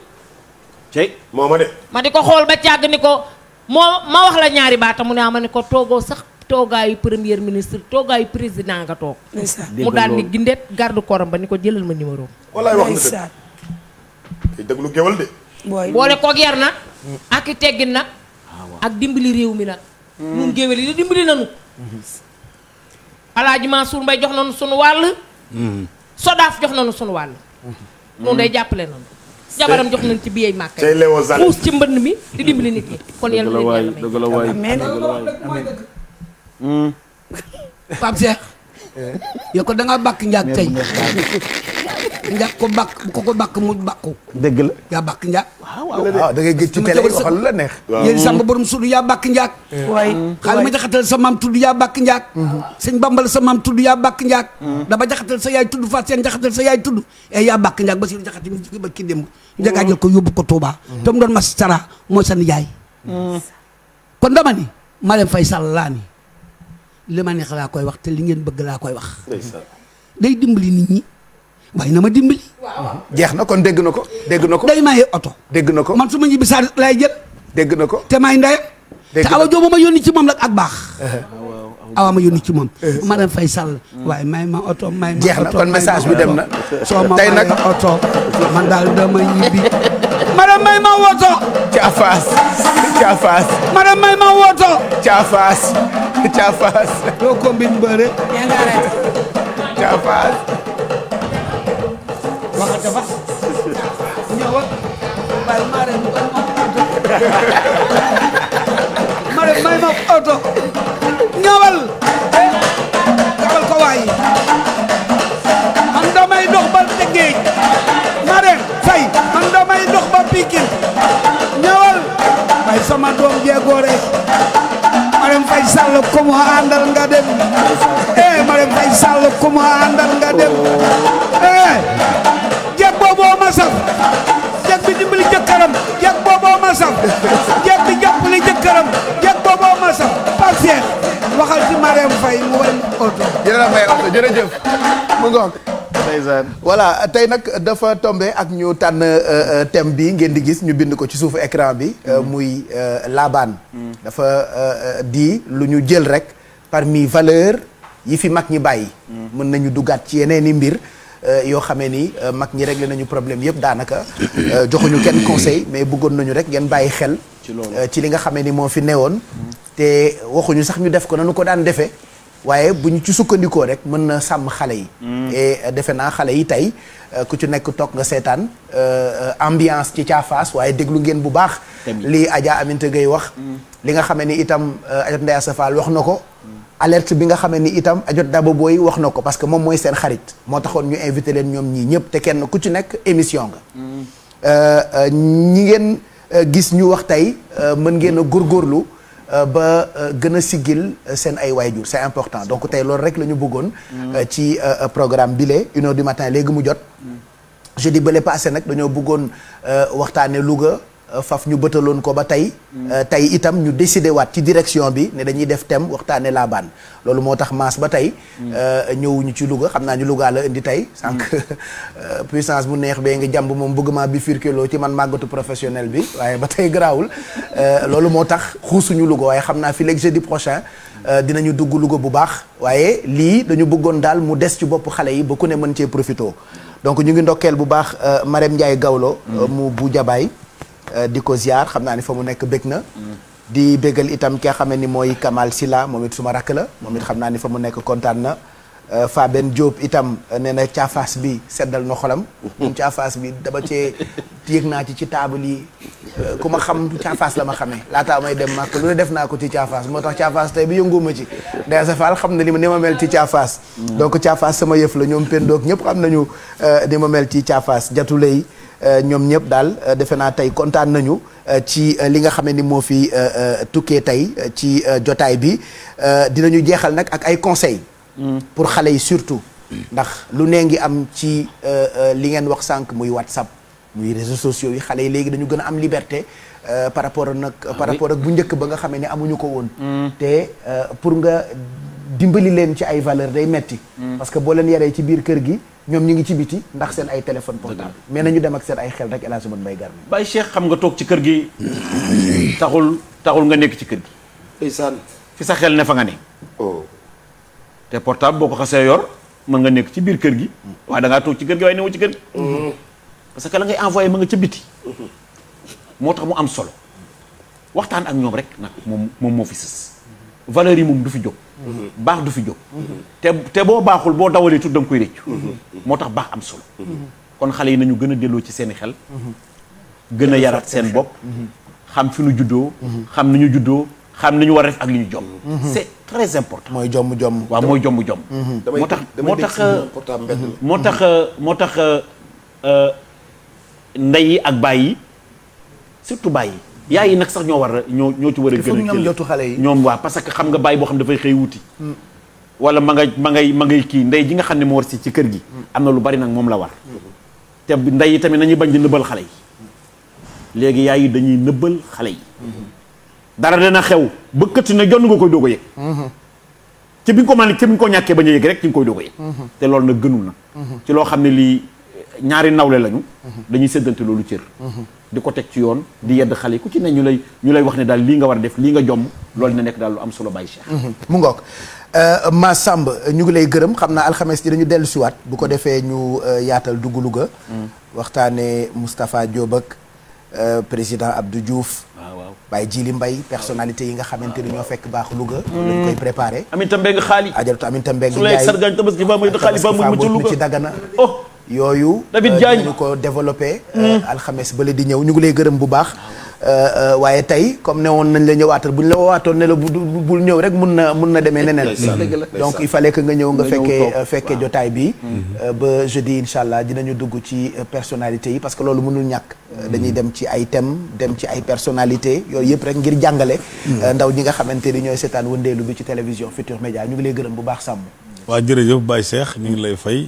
cey moo ma de. ma di ko xool ba càgg ni ko moo ma wax la ñaari baata mu ne ah, ma ne ko toogoo sax toogaayu première ministre toogaayu président nga toog. mu daal ni gindeet garde koram ba ni ko jëlal ma numéro wallaay wax na dëgg déglu géwal boole koog yar na. Mm. ak i teggin na. Ah, ak dimbali réew mi nag. Mm. ñun géwél yi dimbali nanu. Mm-hmm. Alaaji Mansour Mbaye jox na sunu wàll. Mm-hmm. sodaaf jox nañu sunu wàll. noonu mm-hmm. day jàppale noonu. jabaram jox nañu ci biyeey màkk yi puus ci mbënn mi di dimbali nit ñi. kon yàlla na leen yàlla may dëgg la yow ko da ngaa bàkk njaag tey njaag bakk bàkk ko ko bàkk mu bàkku dëgg la njaag waaw ah, da ngay gëj ci télé waxal la bàkk njaag waay xaal ma jaxatal sa maam tudd yaa bàkk njaag mm-hmm. sëñ bambal sa maam tudd yaa bàkk njaag mm-hmm. dama jaxatal sa yaay tudd faat seen jaxatal sa yaay tudd ey eh, yaa bàkk njaag ba si jaxati mu ba ki démb mm-hmm. njagaa jël ko yóbbu ko Touba te mu doon mas sara mooy sa nijaay kon dama ni ma leen fay sàllaani li ma neex koy wax te li ngeen bëgg laa koy wax. day dimbali nit ñi na ma dimbali. jeex na kon dégg na ko. dégg na ko day oto. dégg na ko man su ma ñibbi saa laay jël. dégg na ko te may ndayam. te awa joobu ma yónni ci mom nag ak baax. awa ma yónni ci moom. Eh, eh. madame fay Sall. waaye may ma oto may ma jeex na kon message bi dem na. soo ma mayee oto man daal dama ñibbi. madame may ma woto. caafaas caafaas. madame may ma Thiafaas. loo ko mbiñ bëre. yaa ngi arrêté. Thiafaas. waxal ca Fass. ñëwal. waaye Marème Marème ko waay. man damay dox ba Tëngéej. Marème Faye. man damay dox ba Pikine. ñëwal. waaye sama doom jéego rek. Marème Faye Sall ku mu àndal nga dem eh Marème Faye Sall ku mu àndal nga dem eh jeeg booboo ma saf bi dimbali jëkkëram jëkkëram jeeg booboo ma saf waxal ci Marème Faye mu way oto jërëjëf may oto jërëjëf mu ngoog voilà tey nag dafa tombé ak ñu tànn euh, euh, thème bi ngeen di gis ñu bind ko ci suufu écran bi euh, muy laban mm. dafa euh, euh, di lu ñu jël rek parmi valeur yi fi mag ñi bàyyi. Mm. mën nañu duggaat ci yeneen i mbir euh, yoo xamee ni mag ñi réglé nañu problème yëpp daanaka joxuñu kenn conseil mais bëggoon nañu rek ngeen bàyyi xel. ci li nga xamee ni moo fi newoon. Mm. te waxuñu sax ñu def ko nanu ko daan defee. waaye bu ñu ci sukkandikoo rek mën na sàmm xale yi. Hmm. Euh, defe naa xale yi tey euh, ku ci nekk toog nga seetaan euh, ambiance ci caafaas waaye déglu ngeen bu baax. li ajaa Aminta ngay wax. Hmm. li nga xamee ni itam Adja Ndeye Safal wax na ko. Hmm. alerte bi nga xamee ni itam ajot daba booy wax na ko parce que moom mooy seen xarit moo taxoon ñu invité leen ñoom ñii ñëpp te kenn ku ci nekk émission nga. ñi ngeen gis ñu wax tey mën ngeen a góorlu Euh, ba euh, gën a siggil euh, seen ay waayjur c'est important donc tey loolu rek la ñu bëggoon ci programme bile une heure du matin léegi mu jot mm. jeudi bële passé nag dañoo bëggoon waxtaane Louga faf ñu bëtaloon ko ba tey mm. euh, tey itam ñu décidé waat ci direction bi ne dañuy def thème waxtaane laabaan loolu moo tax maas ba tey mm. euh, ñëwuñu ci Louga xam naa ñu Louga la indi tey sànq mm. euh, puissance bu neex bee nga jàmb moom bëgg maa bi firkeloo ci man màggatu professionnel bi waaye ba tey garaawul loolu moo tax xuusuñu Louga waaye xam naa fi léegi jeudi prochain dinañu dugg Louga bu baax waaye lii dañu bëggoon daal mu des ci bopp xale yi ba ku ne mën cee profito donc ñu ngi ndokkeel bu baax Marème Ndiaye Gawlo mu bu jabaay Euh, di ko ziar xam naa ni fa mu nekk bég na. Mm. di bégal itam ki nga xam ni mooy Kamal Silla moom it suma rakk la moom it xam naa ni fa mu nekk kontaan na. Euh, Faben Diop itam euh, nee na caafaas bi seddal na xolam. moom caafaas bi dama cee yëg naa ci ci taabal yi ku ma xam caafaas la ma xamee laataa may dem màkk lu ne def naa ko ci caafaas moo tax caafaas tey bi yënguma ci. Ndeye Safal xam na ni ma ni ma mel ci caafaas. Mm. donc caafaas sama yëf la ñoom pendoog ñëpp xam nañu ni ma mel ci caafaas jatulay Euh, ñoom ñëpp daal euh, defe naa tey kontaan nañu euh, ci li nga xam ni moo fi tukkee tey ci jotaay bi dinañu jeexal nag ak ay conseil mm. pour xale yi surtout. ndax lu nee ngi am ci li ngeen wax sànq muy WhatsApp muy réseaux sociaux yi xale yi léegi dañu gën a am liberté. par rapport ak nag ah par rapport ak bu njëkk ba nga xamee ne amuñu ko woon. Mm. te pour nga dimbali leen ci ay valeur day metti mm. parce que boo leen yaree ci biir kër gi. ñoom ñu ngi ci biti ndax seen ay téléphone portable mais nañu dem ak seen ay xel rek El Hadj Modou Mbaye Garmi Baye Cheikh xam nga toog ci kër gi taxul taxul nga nekk ci kër gi ndeysaan fi sa xel ne fa nga ne oh. te portable boo ko xasee yor mën nga nekk ci biir kër gi waaye da toog ci kër gi waaye newu ci kër gi mm-hmm. parce que la ngay envoyé ma nga ca biti mm-hmm. moo tax mu am solo waxtaan ak ñoom rek nag moom moom moo fi sës valeur yi moom du fi jóg baax du fi jóg te te boo baaxul boo dawalee tudd da koy réccu moo tax baax am solo kon xale yi na ñu gën a delloo ci seeni xel gën a yaraat seen bopp xam fi nu juddoo xam ni ñu juddoo xam ni ñu war a def ak lu ñu jom c'est très important mooy jomm jomm waaw mooy jomm jomm moo tax moo tax euh, moo tax moo euh, tax ndey yi ak baay yi surtout baay yi yaay yi nag sax ñoo war ñoo ñoo ci war a gën a xale yi ñoom waa parce xam nga bàyyi boo xam dafay xëy wuti mm. wala ma nga ma ngay ma ngay kii ndey ji nga xam ne moo si ci kër gi mm. am na lu bari nag moom la war mm-hmm. te ndey yi tamit nañuy bañ di nëbbal xale yi mm-hmm. léegi yaay yi dañuy nëbbal xale yi mm-hmm. dara dana xew ba këtt na jonn nga koy doog a yëg ci bi nga ko man ci bi nga ko ñàkkee bañ a yëg rek ci nga koy doog a yëg te loolu nag gënul na ci loo xam ne lii ñaari nawle lañu. dañuy séddante loolu cër. di ko teg ci yoon di yedd xale yi ku ci ne ñu lay ñu lay wax ne daal lii nga war a def lii nga jomm loolu na nekk daal lu am solo bàyyi Cheikh. mu ngoog ma Samb ñu ngi lay gërëm xam naa alxames ji dañu dellu siwaat bu ko defee ñu yaatal dugg Louga. waxtaanee Moustapha Diop ak président Abdou Diouf. waaw waaw Baye Djili Mbaye personnalité yi nga xamante ni ñoo fekk baax Louga. dañ koy préparé. Aminata Mbengue xaali. ajaratu Aminata Mbengue ba muy xaali ba muy mucc Louga yooyu. David euh, Diagne ñu ko développé. Euh, alxames bële di ñëw ñu ngi lay gërëm bu baax. Euh, waaye tey comme ne woon nañ la ñëwaatal buñ la waatoon ne la bu bul ñëw rek mun na mun na demee neneen donc il fallait que nga ñëw nga fekkee fekkee jotaay bi mm-hmm. ba jeudi incha allah dinañu dugg ci personnalité yi parce que loolu mënul ñàkk dañuy mm-hmm. dem ci ay thème dem ci ay personnalité yooyu yëpp rek ngir jàngale mm-hmm. ndaw ñi nga xamante ni ñooy seetaan wëndeelu bi ci télévision Futurs Médias ñu ngi lay gërëm bu baax sàmm waa jërëjëf Baye Cheikh ñu ngi lay fay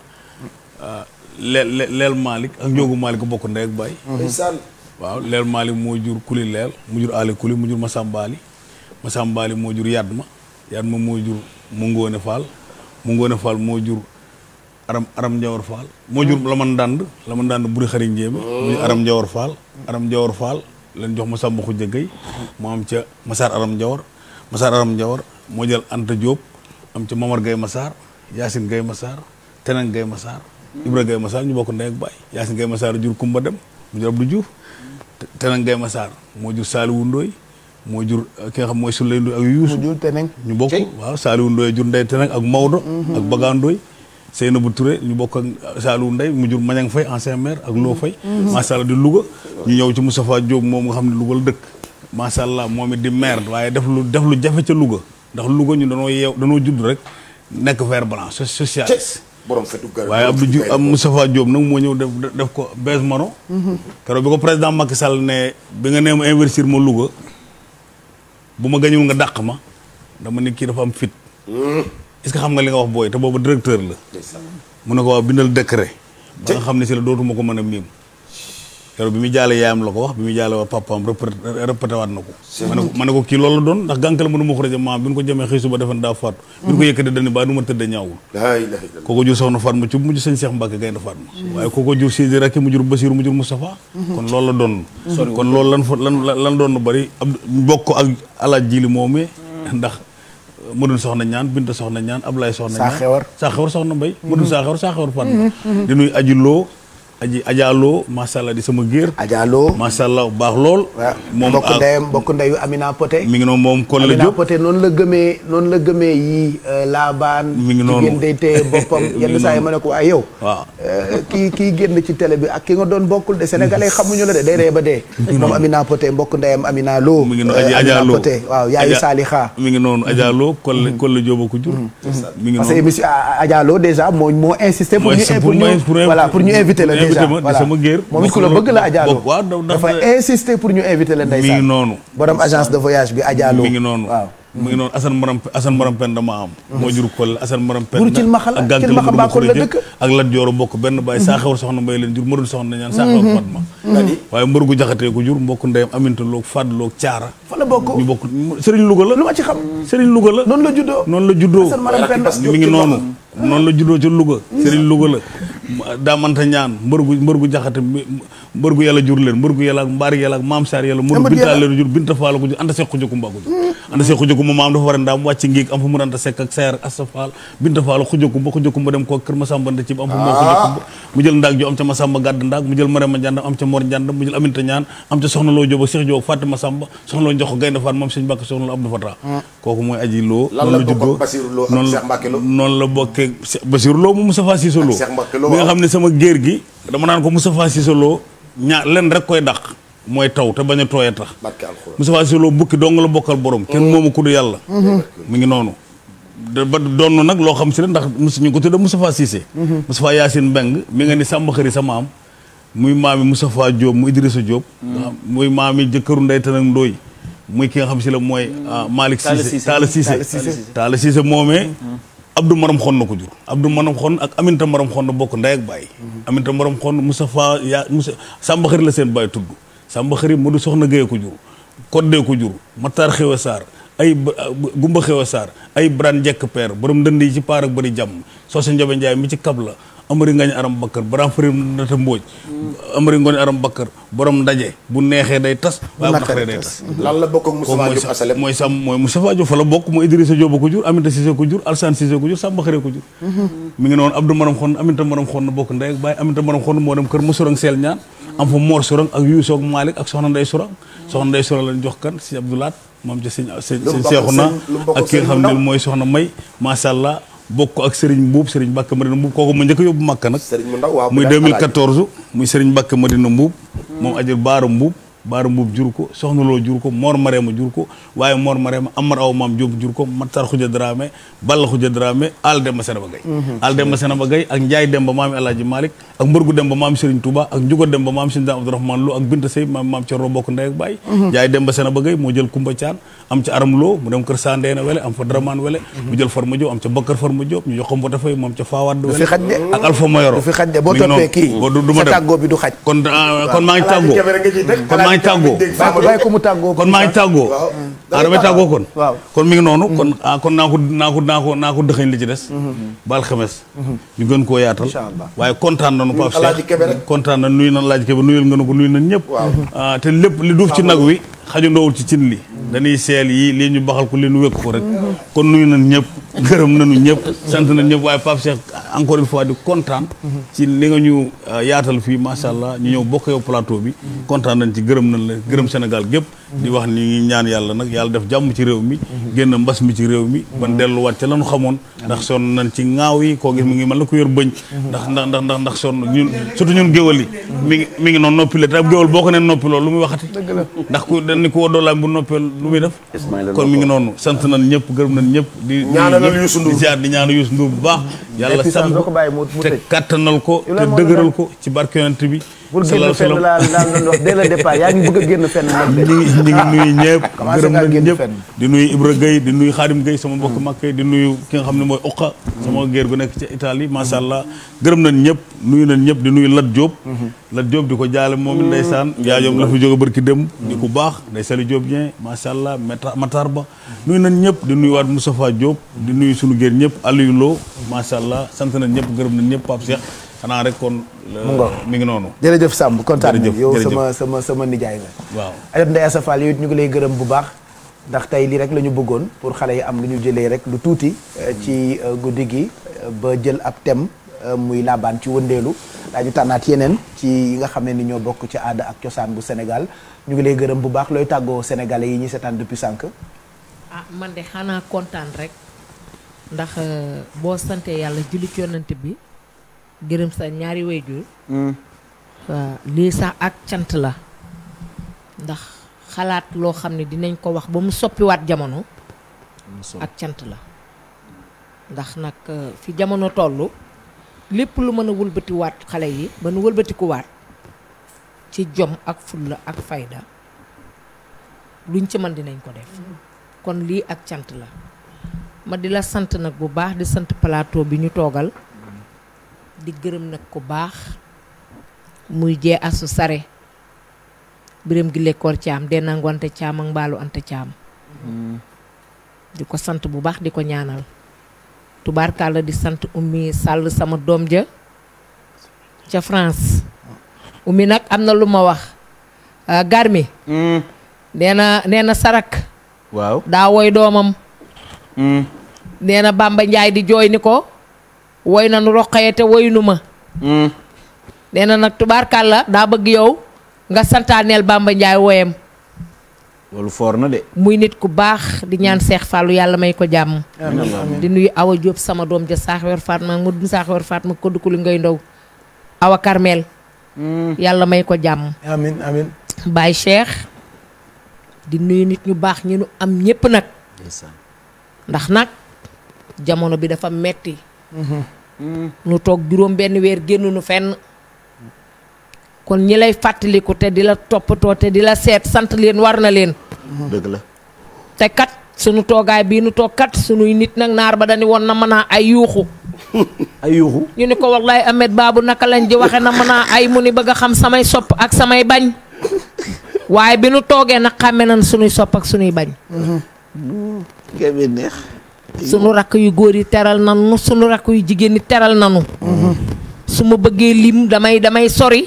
Euh, leel leel Malick ak Njoogu Malick bokk ndey ak baay waaw leel Malick moo jur kuli leel mu jur aale kuli mu jur Masambaali Masambaali moo jur Yadma Yadma moo jur mu ngoone Fall moo jur aram aram Njawar Fall moo jur Laman Dànd Laman Dànd buri xariñ jéeme oh. mu jur aram Njawar Fall leen jox Masamba Xuja Gay mu am ca Masaar aram Njawar Masaar aram Njawar moo jël Anta Diop am ca Mamar Gay Masaar Yaasin Gay Masaar Tenan Gay Masaar Ibra Gaye Massar ñu bokk ndey ak baay Yaasin Gaye Massar jur Kumba Dem mu jur Abdou Diouf Teneng Gaye Massar moo jur Saliou Ndoye moo jur euh, ki nga mooy Souley Ndoye ak Youssou ñu bokk waaw Saliou Ndoye jur Ndeye ak Maodo mhm. ak Bagan Ndoye Seynabou Touré ñu bokk ak euh, Saliou Ndeye mu jur Mañang Faye ancien maire ak Loo Faye mhm. macha allah di Louga ñu ñëw ci Moustapha Diop moom nga xam ne Louga la dëkk macha allah moom it di maire waaye def lu def lu jafe ca Louga ndax Louga ñu danoo yeew danoo judd rek nekk vert blanc borom fetu garab waaye Abdou Diouf am Moustapha Diop nag moo ñëw def def ko bees mano keroog bi ko président makk Sall ne bi nga nee ma investir ma Louga bu ma gañul nga dàq ma dama ne kii dafa am fit hmm. est-ce xam nga li nga wax booy te boobu directeur la mu ne ko waaw bindal décret ba nga xam ne si la dootuma ko mën a miim keroog bi muy jaale yaayam la ko wax bi muy jaale waa papaam répété waat na ko ma ne ko ma kii loolu la doon ndax gànkal mënu ma xaraja maam bi ñu ko jamee xëy suba defen daa faatu hmm. bi ñu ko yëkkati dani baa du ma tëdda ñaawul kooko jur soxna Fatma ci mujj sëñ Cheikh Mbacke Gaynde Fatma hmm. waaye kooko jur Sidi Rakki mu jur Basiru mu hmm. kon loolu la doon kon loolu lan fa lan lan doon bari ab bokk ak alaaj jili moomee ndax uh, mu dul soxna ñaan binta soxna ñaan Ablaye soxna ñaan aji ajaaloo macha allah di sama géer. ajaaloo macha allah bu baax lool. moom bokk ndeyam bokk ndeyu Amina Poté. mi ngi noonu moom kon la Diop Amina Poté noonu la gëmee noonu la gëmee yii euh, laabaan. mi ngi noonu jigéen day téye boppam yenn saa yi ma ne ko waaye yow. waaw euh, kii kii génn ci télé bi ak ki nga doon bokkul de sénégalais xamuñu la de day ree ba dee. moom Amina Poté mbokk ndeyam Amina Lo. Euh, mi ngi noonu aji ajaaloo Amina Poté waaw yaayu Saliha. mi ngi noonu ajaaloo kon la mhm. kon la Diop a ko jur. Mhm. mi ngi noonu parce que émission ajaaloo déjà moo moo insisté. pour ñu pour ñu voilà pour ñu invité la dèjà voilà sama géer. moom it ku la bëgg la Adjalo dafa insister pour ñu inviter leen. ndeysaan mi ngi noonu borom agence de voyage bi Adjalo mi ngi noonu waaw. mu ngi noonu Assane Moram Assane Moram Penda maa am. moo jur Kolle Assane Moram Penda. ak gàncax la ma ak Lat Jooro bokk benn baay mhm. saaxawar soxna mbay leen jur mënul soxna ñaan saaxawar mhm. fat ma. Mhm. waaye mbër gu jaxatee ko jur mbokk ndeyam aminta loog fàdd loog caara. fa la bokk ñu bokk Serigne Louga la. lu ma ci xam Serigne Louga la. noonu la juddoo noonu la juddoo. Assane Moram Penda mi ngi noonu. noonu la juddoo ca Louga. Serigne Louga la. daa mënta ñaan mbër gu mbër gu jaxate mbër gu yàlla jur leen mbër gu yàlla ak mbaar yàlla ak maam saar yàlla muru bintaa leen jur binta faala ko jur anta seq xujo kumba ko jur mm. anta seq xujo kumba maam dafa war a ndaam wàcc ngiig am fa mur anta sekk ak sayar ak asta faal binta faala xujo kumba xujo kumba dem koo kër masamba nda ci am fa moo xujo kumba mu jël ndaag jo am ca masamba gàdd ndaag mu jël marema njàndam am ca mor njàndam mu jël aminta ñaan am ca soxna loo jóob ak seex jóob fàtte masamba soxna loo njox gaynde faat moom sëñ mbàkke soxna loo abdu fatra mm. kooku mooy aji loo noonu la juddoo noonu la bokkee basiru loo mu Moustapha Cissé loo bi nga xam ne sama géer gi dama naan ko Moustapha Cissé loo ñaar leen rek koy dàq mooy taw te bañ a tooy a tax Moustapha Cissé Lo bukki dong la bokkal borom kenn moomu ku du yàlla mu ngi noonu ba doon nag loo xam si ne ndax ñu ngi ko tudde Moustapha Cissé Moustapha Yacine Mbeng mi nga ni sàmba xëri sama am muy maami Moustapha Diop mu Idrissa Diop muy maami jëkkëru ndey tan ak ndooy muy ki nga xam si la mooy ah, Malick Cissé Talla Cissé Talla Cissé moomee Abdou Maram xon na ko jur Abdou Maram xon ak Aminta Maram xon na bokk ndey ak baay. Mhm. Aminta Maram xon Moustapha yaa Moussa Samba Xëri la seen baay tudd Samba Xëri Modou Soxna Gueye ko jur. Kodde ko jur Matar Xewe Sarr ay ah, Gumba Xewe Sarr ay Bran Njekk Peer borom ndënd yi ci paar ak bëri jàmm soo sa Njabe Njaay mi ci kab la. Amari Ngañ Aram Bakkar borom firi Ndata Mbooj. Amari Ngoñ Aram Bakkar borom ndaje bu neexee day tas. waaye bu naqaree day tas. lan la bokk mooy sam mooy Moustapha la bokk mooy Idrissa Diop ko jur Aminata ak baay Aminata Maram ak Soxna Ndey Sorang soxna Ndey Sorang lañ jox kan si Abdoulaat moom ca seexu na ak ki xam ne mooy soxna May macha bokk ko ak Serigne Mbuub Serigne Mbàkke Madina Mbuub kooku mu njëkk a yóbbu Makka nag muy 2014 muy Serigne Mbàkke Madina Mbuub moom ajur Baara Mbuub Baara Mbuub jur ko Soxna Lo jur ko Mor Marema jur ko waaye Mor Marema Amar Aw Maam Jóob jur ko Matar Xuja Dramé Balla Xuja Dramé Al Demba Senaba Gay mhm. Al Gay ak Njaay Demba maami Alaaji Malik ak mbërgu Demba maam Serigne Touba ak Njugo Demba maam Serigne Abdourahmane Lo ak Binta Sey maam maam Cerno am ca aram loo mu dem kër Sandeena wele am fa Dramane wele mu jël Farma Diop am ca Bakar Farma Diop ñu jox ko Mbota Faye moom ca Fawad wele ak Alpha Mayoro du fi xaj de boo toppee kii du ma dem tàggoo bi du xaj kon ah, kon maa ngi tàggoo kon maa ngi tàggoo bàyyi ko mu tàggoo kon maa ngi tàggoo ah damay tàggoo kon waaw kon mi ngi noonu kon mm-hmm. ah kon naa ko naa ko naa ko naa ko dëxañ li ci des mm-hmm. baal xames mm-hmm. ñu gën koo yaatal waaye kontaan nañu Pape Cheikh kontaan na nuyu nan laaj Kébé nuyul nga ko nuyu nan ñëpp ah, te lépp li duuf ci nag wi xajandoowul ci cin li dañuy seel yi lii ñu baxal ko lii ñu wékk ko rek kon nuyu nañ ñëpp gërëm nañu ñëpp sant nañ ñëpp waaye Pape Cheikh encore une fois di kontaan ci li nga ñu euh, yaatal fii macha allah ñu ñëw bokk yow plateau bi kontaan nañ ci gërëm nañ la gërëm Sénégal gépp di wax ni ñu ñaan yàlla nag yàlla def jàmm ci réew mi génn mbas mi ci réew mi ban delluwaat ci lañu xamoon ndax son nañ ci ŋaaw yi koo gis mu ngi mën la ko yor bëñ ndax ndax ndax ndax ndax son ñun surtout ñun géwal yi mi ngi mi ngi noonu noppi la te ab géwal boo ko ne noppi loolu lu muy waxati ndax ku dañ ni ko bu noppee lu muy def kon mi ngi noonu sant nañ ñëpp gërëm nañ ñëpp di ziar di ñaanal Youssou Ndour bu baax yàlla sàmm te kàttanal ko te dëgëral ko ci barke bul génn fenn laa daal doon wax dès le départ yaa ngi bëgg a génn nuyu ñëpp gërëm di nuyu Ibra sama mbokk hmm. Makke di nuyu ki nga xam ne mooy Oka sama géer gu nekk ci Italie macha allah gërëm nañ ñëpp nuyu nañ ñëpp di nuy Lat Diop hmm. Lat Diop di ko jaale moom it hmm. ndeysaan yaajoom la fi jóge barki dem di ku baax nday Sali Diop ñee macha allah mataar Ba nuyu nañ ñëpp di nuyu waat Moustapha Diop di nuyu suñu géer ñëpp Aliou Lo macha allah sant nañ ñëpp gërëm nañ ñëpp Pape Cheikh xanaa rek mu ngi noonu. jërëjëf Samb kontaan nañu yow sama sama sama nijaay nga. waaw ayot Ndeye Assa Fall ñu ngi lay gërëm bu baax. ndax tey lii rek la bëggoon pour xale yi am lu ñu jëlee rek lu tuuti. Eh, ci eh, guddi gi eh, ba jël ab thème muy laabaan ci wëndeelu daañu tànnaat yeneen ci yi nga xam ne ni ñoo bokk ci aada ak cosaan bu Sénégal ñu ngi lay gërëm bu baax looy tàggoo sénégalais yi ñuy seetaan depuis sànq. ah man de xanaa kontaan rek ndax boo sante yàlla julli ci yonante bi. gërëm sa ñaari wayjur hmm. lii sax ak cant la ndax xalaat loo xam ne dinañ ko wax ba mu soppiwaat jamono ak cant la ndax nag euh, fi jamono toll lépp lu mën a wëlbatiwaat xale yi ba nu wëlbatikuwaat ci jom ak fulla ak fayda luñ ci mën dinañ ko def kon lii ak cant la ma di la sant nag bu baax di sant palaato bi ñu toogal di gërëm nag ku baax muy jee asu sare biram gi lekkoor caam dee nangu anta caam ak mbaalu anta caam mm. di ko sant bu baax di ko ñaanal tubaarkàlla di sant ummi sàll sama doom ja ca France ummi nag am na lu ma wax ah, garmi mm. nee na sarak waaw daa woy doomam mm. nee na Njaay di jooy ni ko woy na nu roqaya te woynu ma hmm. nee na nag la daa bëgg yow nga santaaneel Bamba Njaay woyam loolu muy nit ku baax di ñaan hmm. Seex Fàllu yàlla may ko jàmm di nuyu Awa Jóob sama doom ja saax weer faat ma mu dum saax faat ma ko dukkuli ngay ndaw Awa Karmel hmm. yàlla may ko jàmm amin Baay Cheikh di nuyu nit ñu baax ñu nu am ñépp nag ndax nag jamono bi dafa metti Mm-hmm. nu toog juróom benn weer génn nu fenn kon ñi lay fàttaliku te di la toppatoo te di la seet sant leen war na leen mm-hmm. dëgg la te kat sunu toogaay bii nu toog kat sunuy nit nag naar ba dañu woon na mën ay yuuxu ay ñu ni ko wallaay Ahmed Babou naka lañ di waxe na mën ay mu ni bëgg a xam samay sopp ak samay bañ waaye bi nu toogee na xàmme na suñuy sopp ak suñuy bañ mm-hmm. neex sunu rakk yu góor yi teral nanu sunu rakk yu jigéen yi teral na nanu su ma bëggee lim damay damay sori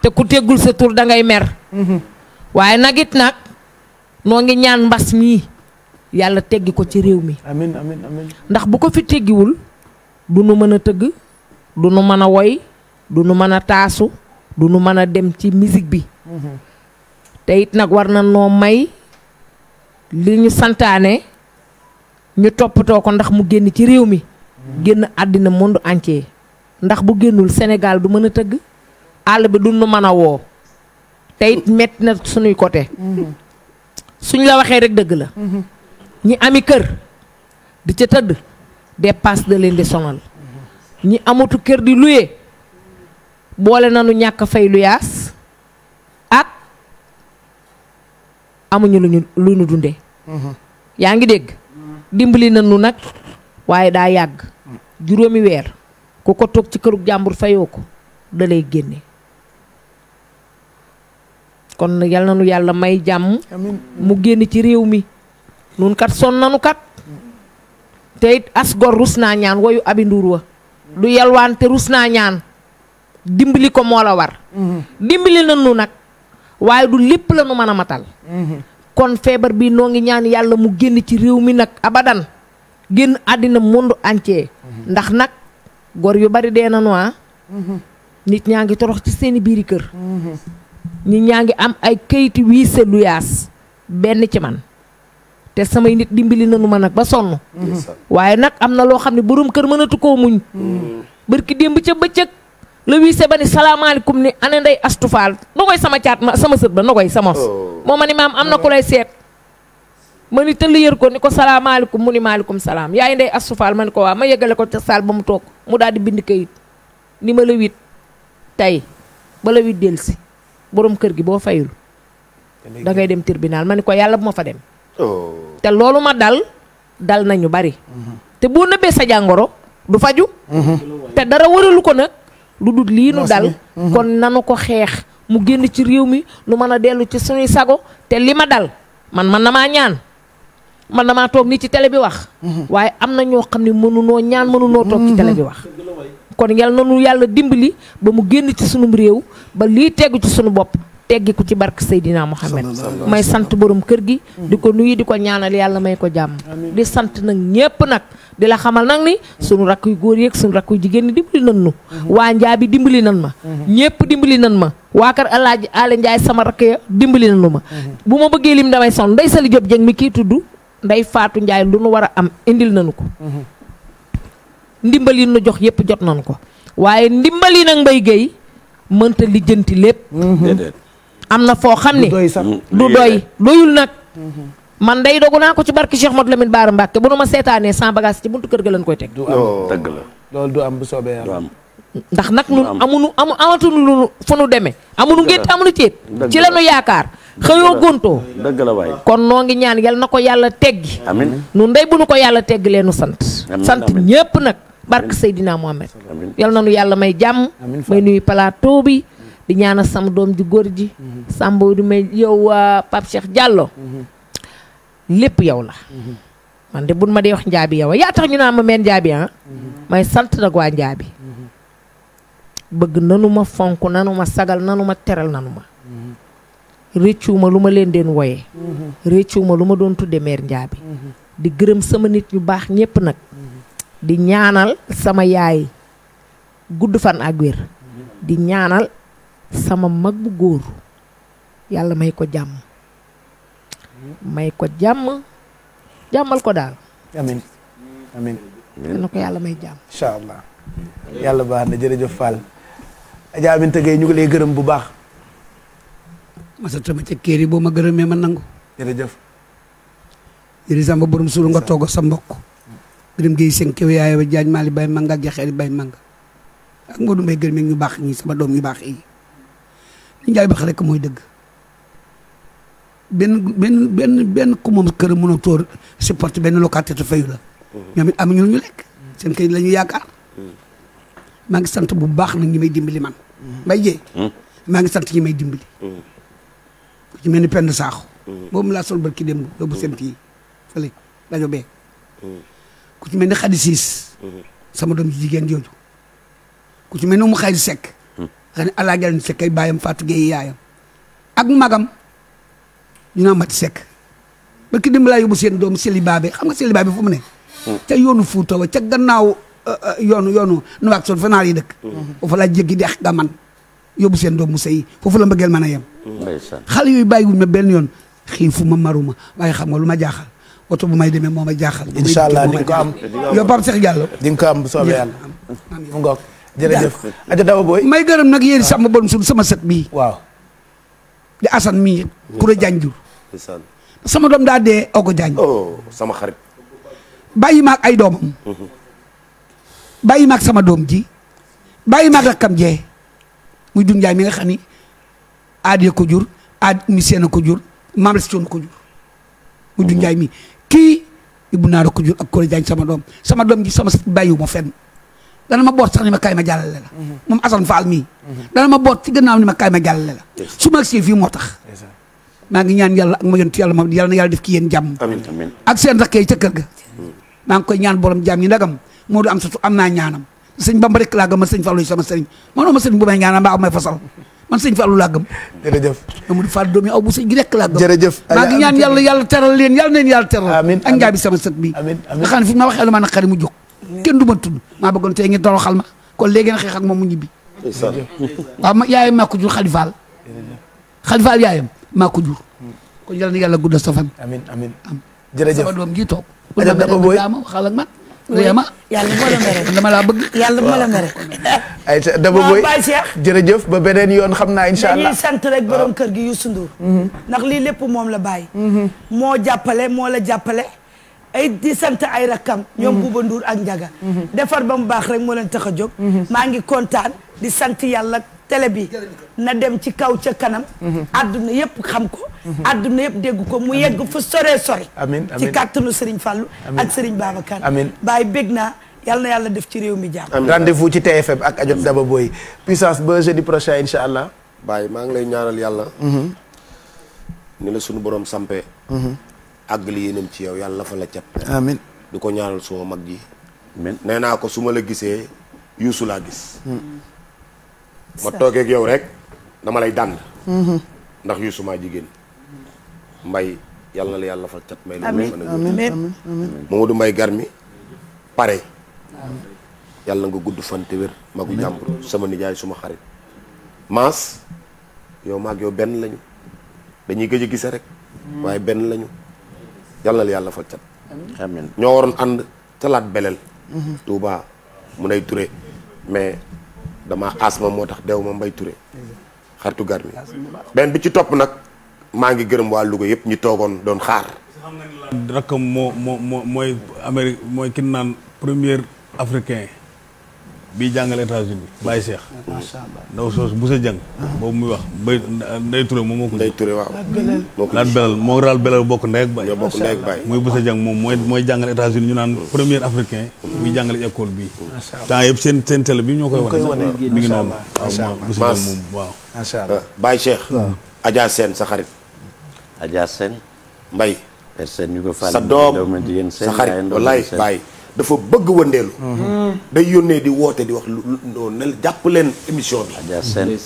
te ku teggul sa tur dangay mer waaye nag it nag noo ngi ñaan mbas mi yàlla teggi ko ci réew mi amiin amiin ndax bu ko fi teggiwul du nu mën a tëgg du nu mën a woy du nu mën a taasu du nu mën a dem ci misik bi mhm. te nag war na noo may li ñu santaane ñu toppatoo ko ndax mu génn ci réew mi génn àddina monde entier ndax bu génnul Sénégal du mën a tëgg àll bi du nu mën a woo tey metti na suñuy côté suñ la waxee rek dëgg la ñi ami kër di ca tëdd dépasse da leen di sonal ñi amatu kër di luye boole na nanu ñàkk fay luyaas ak amuñu lu ñu lu ñu dunde yaa ngi dégg dimbali lu nag waaye daa yàgg juróomi weer ku ko toog ci këru jàmbur fayoo ko da lay génne kon yal na nu yàlla may jàmm mu génn ci réew mi nun kat son nanu kat te it as gor rus naa ñaan woyu abi wa du yalwaan te rus naa ñaan dimbali ko moo la war mm-hmm. dimbali na nu nag waaye du lépp la nu mën a matal mm-hmm. kon feebar bi noo ngi ñaan yàlla mu génn ci réew mi nag abadan génn àddina monde entier ndax nag gor yu bari dee nañu ah nit ñaa ngi torox ci seeni biiri kër nit ñaa ngi am ay kayiti wiise lu yaas benn ci man te samay nit dimbali nañu ma nag ba sonn waaye nag am na loo xam ne boroom kër mënatu koo muñ mm. barki démb ca bëccëg le wiise ba ni salaamaaleykum ni ana nday astufaal nogoy sama caat ma sama sët ba nogoy sa mos oh. moo ma ni maam am na ku lay seet ma ni tëll yër ko ni ko salaamaaleykum mu ni maaleykum salaam yaay ndey astufaal ma ni ko waa ma yëgale ko ca saal ba mu toog mu daal di bind kayit ni ma la wit tey ba la wit delsi borom kër gi boo fayul da ngay dem tribunal ma ni ko yàlla bu ma fa dem oh. te loolu ma dal dal nañu bari mhm. te boo nëbbee sa jàngoro du faju mhm. te dara waralu ko nag lu dul lii nu dal mhm. kon nanu ko xeex mu génn ci réew mi nu mën a dellu ci suñuy sago te li ma dal man man na maa ñaan man maa toog nii ci tele bi wax mhm. waaye am na ñoo xam ne mënunoo ñaan mënunoo toog ci télé bi mhm. wax kon yal na nu yàlla dimbali ba mu génn ci sunum réew ba lii tegu ci suñu bopp teggiku ci barke Seydina Mohamed may sant borom kër gi di ko nuyu di ko ñaanal yàlla may ko jàmm di sant nag ñépp nag di la xamal nag ni suñu rakk yu góor yeeg suñu rakk yu jigéen ñi dimbali nan nu mhm. waa njaa bi dimbali nan ma mhm. ñépp dimbali nan ma waa kër alaaji Aale Njaay sama rakk ya dimbali nanu ma mhm. bu ma bëggee lim damay son nday sali Jóob jëng mi kii tudd nday faatu Njaay lu nu war a am indil nanu ko ndimbal yi nu jox yépp jot nanu ko waaye ndimbal yi nag mbay géey lépp am na foo xam ne du doy mm, doyul nag man day dogu naa ko ci barki Cheikh Modou Lamine Bara Mbacke bu nu ma seetaanee sans bagage ci buntu kër ga lañ koy teg. du am dëgg la loolu du am bu lu fu nu demee amuñu ngénte amuñu céet ci la nu yaakaar xëyoo góntoo dëgg la waay kon noo ngi ñaan yal na ko yàlla teggi amiin nun day bu nu ko yàlla tegg leenu sant sant ñépp nag barke Seydina Mohamed yal na nu yàlla may jàmm may nuyu plateau bi di ñaanal sama doom ji góor ji. Mhm. Samba du may yow Pape Cheikh jàlloo mhm. lépp yow la. Mhm. man de buñ ma dee wax njaabi yow yaa tax ñu naan ma meen njaabi ah? may sant nag waa njaabi. bëgg nanu ma fonk nanu ma sagal nanu ma teral nanu ma. réccuwuma lu ma leen deen wooyee. ma lu ma doon tudde meer njaabi. di gërëm sama nit ñu baax ñépp nag. di ñaanal sama yaay gudd fan ak wér. di ñaanal sama mag bu góor yàlla may ko jàmm may ko jàmm jàmmal ko daal amin amin ko yàlla may jàmm incha allah yàlla baax na jërëjëf Fall Adja Aminta Gueye ñu ngi lay gërëm bu baax masa tama ca kéer yi boo ma gërëmee ma nangu jërëjëf yëri samba borom suul nga toog sa mbokk gërëm Gueye seen kew yaay ba jaañ maali bay manga ak jaxeeri bay manga ak moo du may gërëmee ñu baax ngi sama doom ñu baax yi njaay bax rek mooy dëgg benn benn benn benn ku moom kër mën a tóor supporte benn locataire te fayu la mm-hmm. ñoom it am ñu ñu lekk seen kër la ñu yaakaar mm-hmm. maa ngi sant bu baax nag ñi may dimbali man mm-hmm. mbay jee maa ngi sant ñi may dimbali ci mel ni penn saaxu boobu laa sol barki démb yóbbu sent yi fële rajo bee ku ci mel ni xadi siis sama doom ji jigéen jooju ku ci mel ni mu xay di sekk nga ne El Hadj Alioune Seck kay bàyyam Fatou Gueye yaayam ak magam ñu naan Mati Seck ba ki dimbali laa yóbbu seen doom Céliba bi xam nga Céliba bi fu mu ne. Hmm. ca yoonu Fouta wa ca gannaaw euh, euh, yoonu yoonu nu ak son fa naar yi dëkk. Hmm. foofu laa jéggi dex man yóbbu seen doom mu sëy foofu la mbëggeel man a yem. Hmm. xale yooyu bàyyiwuñ ma benn yoon xiifu ma maruma waaye xam nga lu ma jaaxal. oto bu may demee moo ma jaaxal. incha allah di nga ko am yow Pape ko am bu jërëjëf aja Daba Boy may gërëm nag yéen sama borom suul sama sët bii. waaw di Assane mii. kure janjur sama doom daa dee ogo jaañ. Oh, sama xarit. bàyyi maag ay doomam. bàyyi maag sama doom ji. bàyyi maag rakkam jee muy dun jaay mi nga xam ni aadee ko jur aad mi ko jur maam la jaay mi kii Ibou Naar ko jur ak kure jaañ sama doom sama doom ji sama sët bàyyiwu ma fen dana ma boot sax ni ma kaay ma jàllale la mhm. moom Assane Fall mii mhm. dana ma boot ci gannaaw ni ma kaay ma jàllale la su ma agsee fii moo tax maa ngi ñaan yàlla ak ma yontu yàlla gi rek laa gëm teral leen yàlla teral ak njaabi sama sët bi nga xam ne fi ma waxee lu mu jóg kenn du ma tudd maa bëggoon tey ngeen ma kon léegi nag xeex ak moom mu ñibbi. waaw ma yaayam maa ko jur xalifaal xalifaal yaayam maa ko jur. kon yal na yàlla guddal sa fan. ma waxal ak man. yàlla ma la mere dama laa bëgg. yàlla bu ma la ba beneen yoon xam naa incha sant rek borom kër gi Youssou Ndour. Mm-hmm. ndax lii la bàyyi. Mm-hmm. moo jàppale mo la jàppale. ay di sant ay rakkam ñoom mm-hmm. Bouba Ndour ak Njaga mm-hmm. defar ba mu baax rek moo leen tax a jóg mm-hmm. maa ngi kontaan di sant yàlla télé bi na dem ci kaw ca kanam àdduna yëpp xam ko àdduna yëpp dégg ko mu yegg fu sore sore amiin amiin ci kàttanu Serigne Fallou ak Serigne Babacar amiin bàyyi bég naa yàlla na yàlla def ci réew mi jàmm rendez-vous ci TFM ak Adjot Daba Boy puissance ba jeudi prochain insha allah bàyyi maa ngi lay ñaanal yàlla ni la sunu borom sampee àggali yéenam ci yow yàlla la fa la cat. du ko ñaanal suma mag yi nee naa ko su ma la gisee yuusu laa gis. Hmm. ma toogee ak yow rek dama lay dànd. Hmm. ndax yuusu maa jigéen. mbay yàlla na la yàlla fa cat. may la amiin amiin Mamadou Mbaye Garmi pare. yàlla nga gudd fan te wér. magu jàmbur sama nijaay suma xarit. maas yow maag yow benn lañu dañuy gëj a gise rek. Hmm. waaye benn lañu. yàlla la yàlla fal cat. ñoo waroon ànd ca laat belel. Touba mu nay Touré mais dama asma moo tax dew ma mbay Touré. xaritu gar mi benn bi ci topp nag maa ngi gërëm waa Louga yëpp ñu toogoon doon xaar. rakkam moo moo moo mooy Amérique mooy kin naan premier africain. bii jàngale États-Unis mm. Baye Cheikh. Mm. macha allah ndaw soosu bu sa jàng. boobu muy wax mbay Ndeye Touré moom moo ko. Ndeye Touré waaw. moo raal belal bokk ndey ak baay. bokk ndey moom mooy mooy jàngale États-Unis ñu naan mm. premier africain. muy jàngale école bii. macha allah temps yëpp seen seen bi ñoo koy. wane mi ngi noonu ah, waaw bu sa jàng moom sa xarit. Adja Sène. Mbaye. seen ñu ko fàttali. sa doom sa xarit wallaay dafa bëgg wëndeelu. day yónnee di woote di wax lu lu jàpp leen émission bi.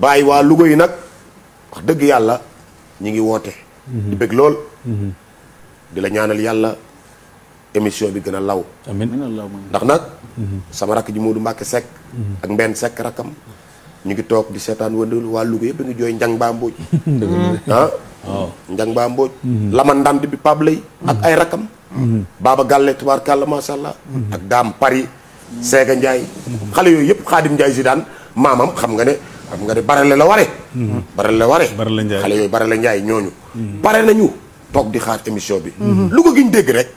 bàyyi waa Louga yi nag wax dëgg yàlla ñi ngi woote. di bëgg lool. di la ñaanal yàlla émission bi gën a law. amiin ndax nag. sama rakk ji Modou Mbacke Seck. ak Mbène sekk rakkam. ñu ngi toog di seetaan wëndeelu waa Louga yëpp ñu ngi jooy njang baa mbooj. ah. njang baa ak ay rakkam. Baba Galle tubaarkàlla macha allah. ak Daam Paris. Sega Ndiaye. xale yooyu yëpp Xaadim si Zidane maamam xam nga ne xam nga ne barale la ware. barale la ware. barale Ndiaye xale yooyu barale Ndiaye ñooñu. bare nañu toog di xaar émission bi. lu ko giñ dégg rek.